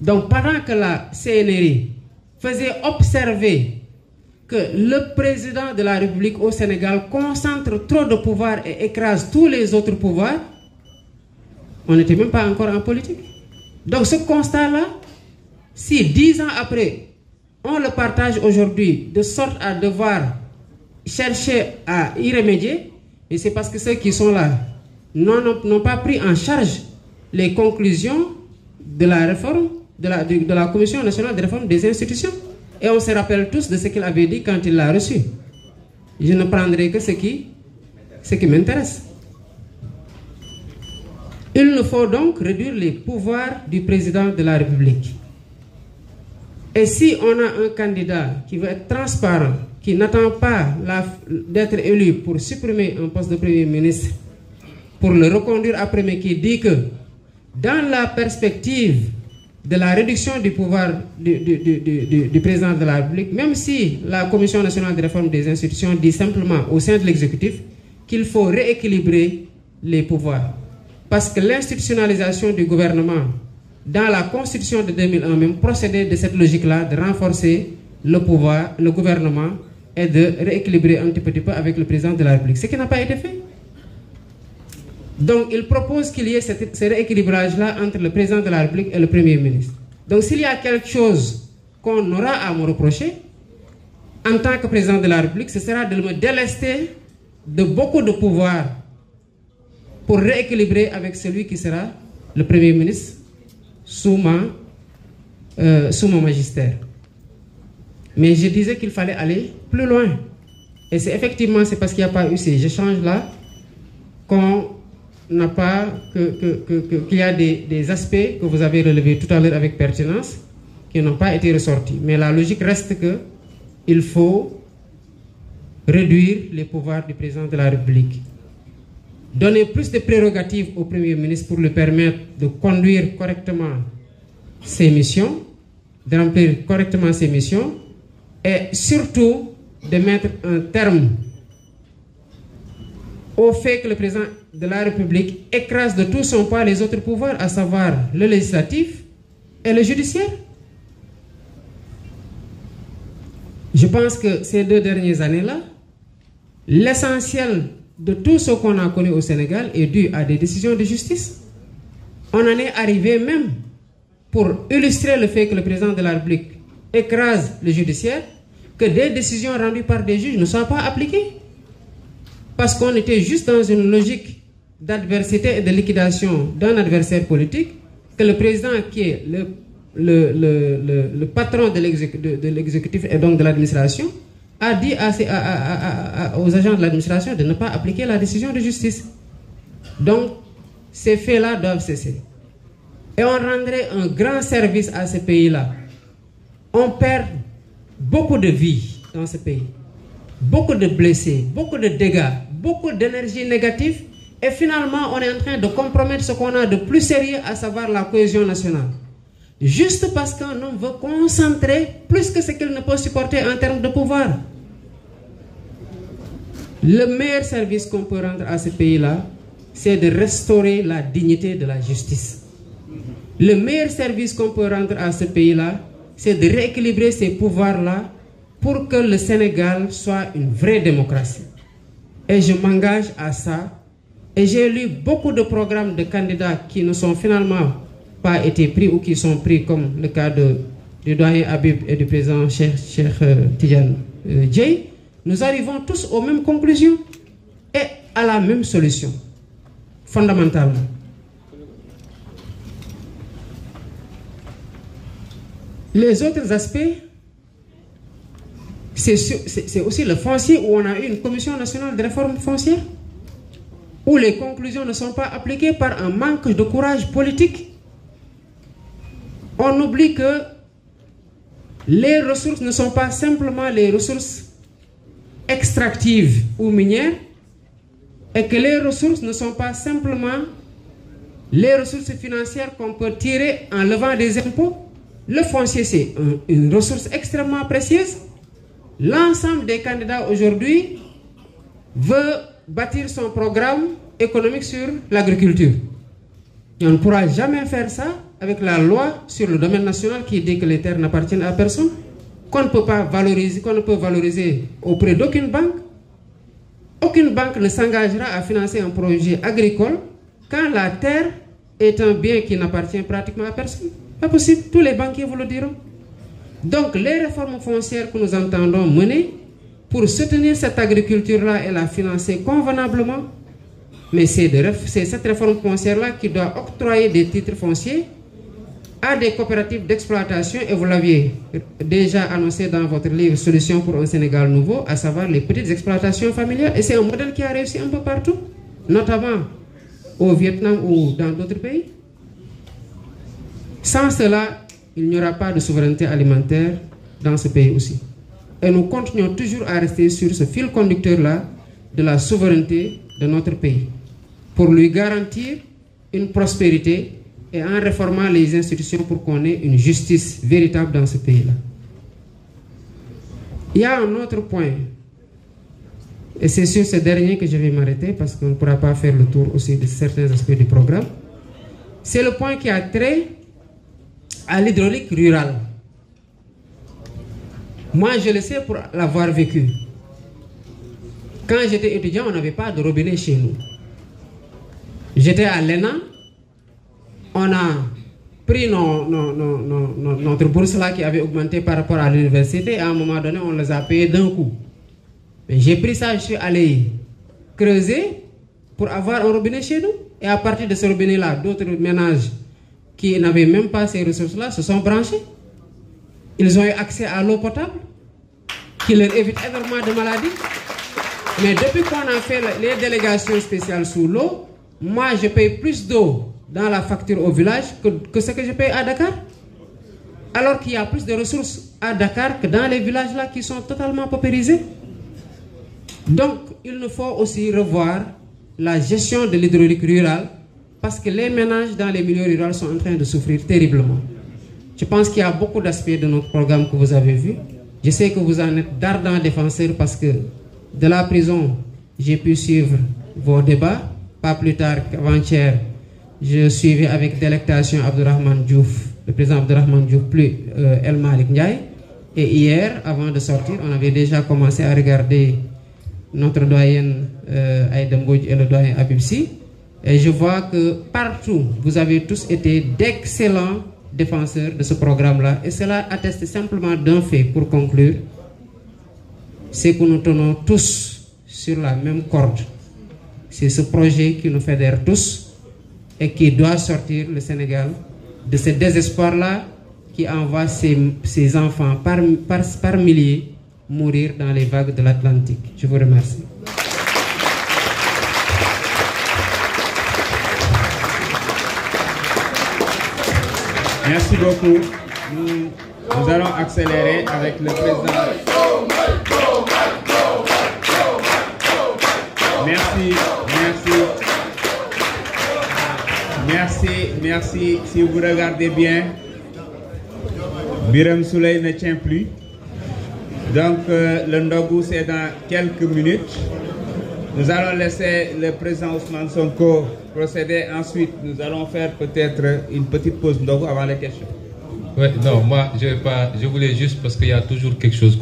Donc pendant que la CNRI faisait observer que le président de la République au Sénégal concentre trop de pouvoir et écrase tous les autres pouvoirs, on n'était même pas encore en politique. Donc ce constat-là, si dix ans après, on le partage aujourd'hui de sorte à devoir chercher à y remédier, et c'est parce que ceux qui sont là n'ont pas pris en charge les conclusions de la réforme, de la, la Commission nationale de réforme des institutions. Et on se rappelle tous de ce qu'il avait dit quand il l'a reçu. Je ne prendrai que ce qui, m'intéresse. Il nous faut donc réduire les pouvoirs du président de la République. Et si on a un candidat qui veut être transparent, qui n'attend pas d'être élu pour supprimer un poste de Premier ministre, pour le reconduire après, mais qui dit que dans la perspective de la réduction du pouvoir du, du, du, du, président de la République, même si la Commission nationale de réforme des institutions dit simplement au sein de l'exécutif qu'il faut rééquilibrer les pouvoirs. Parce que l'institutionnalisation du gouvernement dans la Constitution de 2001 même procédait de cette logique-là, de renforcer le pouvoir, le gouvernement, et de rééquilibrer un petit avec le président de la République, ce qui n'a pas été fait. Donc, il propose qu'il y ait cet, ce rééquilibrage entre le président de la République et le Premier ministre. Donc, s'il y a quelque chose qu'on aura à me reprocher, en tant que président de la République, ce sera de me délester de beaucoup de pouvoir pour rééquilibrer avec celui qui sera le Premier ministre sous, ma, euh, sous mon magistère. Mais je disais qu'il fallait aller plus loin. Et c'est effectivement, c'est parce qu'il n'y a pas eu ces échanges-là n'a pas que qu'il y a des, des aspects que vous avez relevés tout à l'heure avec pertinence qui n'ont pas été ressortis. Mais la logique reste que il faut réduire les pouvoirs du président de la République. Donner plus de prérogatives au Premier ministre pour lui permettre de conduire correctement ses missions, de remplir correctement missions et surtout de mettre un terme au fait que le président de la République écrase de tout son poids les autres pouvoirs, à savoir le législatif et le judiciaire. Je pense que ces deux dernières années-là, l'essentiel de tout ce qu'on a connu au Sénégal est dû à des décisions de justice. On est arrivé même pour illustrer le fait que le président de la République écrase le judiciaire, que des décisions rendues par des juges ne soient pas appliquées. Parce qu'on était juste dans une logique d'adversité et de liquidation d'un adversaire politique que le président qui est le, le, le, le patron de l'exécutif et donc de l'administration a dit à, à, à, aux agents de l'administration de ne pas appliquer la décision de justice. Donc, ces faits-là doivent cesser. Et on rendrait un grand service à ce pays-là. On perd beaucoup de vies dans ce pays, de blessés, beaucoup de dégâts, beaucoup d'énergie négative finalement, on est en train de compromettre ce qu'on a de plus sérieux, à savoir la cohésion nationale. Juste parce qu'un homme veut concentrer plus que ce qu'il ne peut supporter en termes de pouvoir. Le meilleur service qu'on peut rendre à ce pays-là, c'est de restaurer la dignité de la justice. Le meilleur service qu'on peut rendre à ce pays-là, c'est de rééquilibrer ces pouvoirs-là pour que le Sénégal soit une vraie démocratie. Et je m'engage à ça Et j'ai lu beaucoup de programmes de candidats qui ne sont finalement pas été pris ou qui sont pris, comme le cas du doyen Habib et du président Cheikh, Cheikh euh, Jay. Euh, Nous arrivons tous aux mêmes conclusions et à la même solution, fondamentalement. Les autres aspects, c'est aussi le foncier où on a une commission nationale de réforme foncière. où les conclusions ne sont pas appliquées par un manque de courage politique. On oublie que les ressources ne sont pas simplement les ressources extractives ou minières, et que les ressources ne sont pas simplement les ressources financières qu'on peut tirer en levant des impôts. Le foncier, c'est une ressource extrêmement précieuse. L'ensemble des candidats aujourd'hui veut bâtir son programme économique sur l'agriculture. Et on ne pourra jamais faire ça avec la loi sur le domaine national qui dit que les terres n'appartiennent à personne, qu'on ne peut pas valoriser, qu'on ne peut valoriser auprès d'aucune banque. Aucune banque ne s'engagera à financer un projet agricole quand la terre est un bien qui n'appartient pratiquement à personne. Pas possible, tous les banquiers vous le diront. Donc les réformes foncières que nous entendons mener pour soutenir cette agriculture-là et la financer convenablement. Mais c'est cette réforme foncière-là qui doit octroyer des titres fonciers à des coopératives d'exploitation, et vous l'aviez déjà annoncé dans votre livre Solution pour un Sénégal nouveau, à savoir les petites exploitations familiales. Et c'est un modèle qui a réussi un peu partout, notamment au Vietnam ou dans d'autres pays. Sans cela, il n'y aura pas de souveraineté alimentaire dans ce pays et nous continuons toujours à rester sur ce fil conducteur-là de la souveraineté de notre pays, pour lui garantir une prospérité et en réformant les institutions pour qu'on ait une justice véritable dans ce pays-là. Il y a un autre point, et c'est sur ce dernier que je vais m'arrêter parce qu'on ne pourra pas faire le tour aussi de certains aspects du programme. C'est le point qui a trait à l'hydraulique rurale. Moi, je le sais pour l'avoir vécu. Quand j'étais étudiant, on n'avait pas de robinet chez nous. J'étais à l'ENA, on a pris nos, nos, nos, notre bourse là qui avait augmenté par rapport à l'université. À un moment donné, on les a payés d'un coup. j'ai pris ça, je suis allé creuser pour avoir un robinet chez Et à partir de ce robinet-là, d'autres ménages qui n'avaient même pas ces ressources-là se sont branchés. Ils ont eu accès à l'eau potable qui leur évite énormément de maladies. Mais depuis qu'on a fait les délégations spéciales sur l'eau, moi je paye plus d'eau dans la facture au village que, que ce que je paye à Dakar. Alors qu'il y a plus de ressources à Dakar que dans les villages là qui sont totalement paupérisés. Donc, il nous faut aussi revoir la gestion de l'hydraulique rurale parce que les ménages dans les milieux ruraux sont en train de souffrir terriblement. Je pense qu'il y a beaucoup d'aspects de notre programme que vous avez vu. Je sais que vous en êtes d'ardents défenseurs parce que de la prison, j'ai pu suivre vos débats. Pas plus tard qu'avant-hier, je suivais avec délectation Abdurrahman Diouf, le président Abdurrahman Diouf, plus euh, El Malik Ndiaye. Et hier, avant de sortir, on avait déjà commencé à regarder notre doyenne euh, Aïdem et le doyen Abibsi. Et je vois que partout, vous avez tous été d'excellents défenseurs de ce programme-là. Et cela atteste simplement d'un fait, pour conclure, c'est que nous tenons tous sur la même corde. C'est ce projet qui nous fédère tous et qui doit sortir le Sénégal de ce désespoir-là qui envoie ses, ses enfants par, par, par milliers mourir dans les vagues de l'Atlantique. Je vous remercie. Merci beaucoup. Nous, nous allons accélérer avec le président. Merci, merci. Merci, merci. Si vous regardez bien, Biram Souley ne tient plus. Donc euh, le Ndogu, c'est dans quelques minutes. Nous allons laisser le président Ousmane Sonko procéder ensuite. Nous allons faire peut-être une petite pause ndogu avant les questions. Oui, non, je parce qu'il toujours quelque chose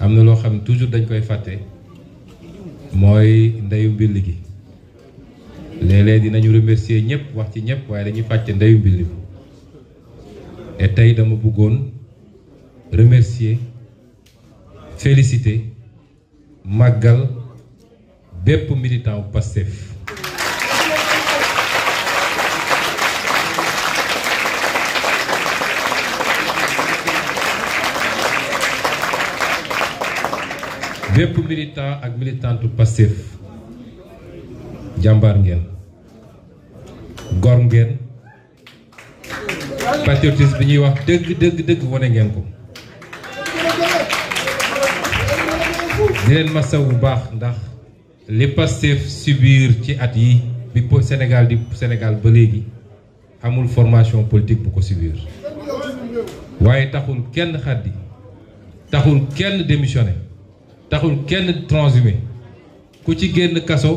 am na loo xam ne toujours dañ koy fàtte mooy ndeyu mbill gi léeg-léeg dinañu remercier ñëpp wax ci ñëpp waaye dañuy fàtte ndeyu mbill bi tey dama bëggoon remercier féliciter màggal bépp militant Pastef bépp militant ak militante Pastef jàmbar ngeen gor ngeen patriotisme bi ñuy wax dëgg dëgg dëgg wane ngeen ko di leen bu baax ndax li Pastef subir ci at yi bi senegal di Sénégal ba léegi amul formation politique bu ko subir waaye taxul kenn xaddi taxul kenn démissionné taxul kenn transhumé ku ci génn kaso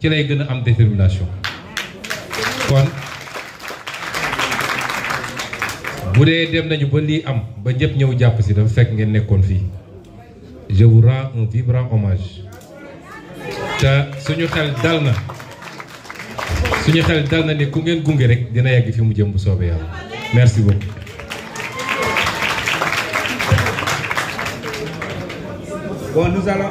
ci lay gën a am détermination kon bu dee dem nañu ba lii am ba ñëpp ñëw jàpp si dafa fekk ngeen nekkoon fii je vous rends un vibrant hommage te suñu xel dal na suñu xel dal na ni ku ngeen gunge rek dina yegg fi mu jëm bu soobee yàlla merci beaucoup Bon, nous allons...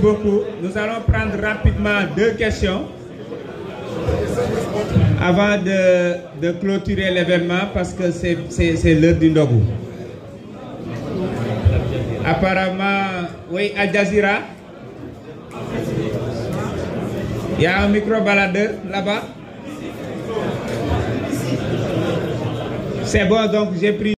beaucoup. Nous allons prendre rapidement deux questions avant de, de clôturer l'événement parce que c'est l'heure du Ndogu. apparemment oui Al un micro là-bas c'est bon donc j'ai pris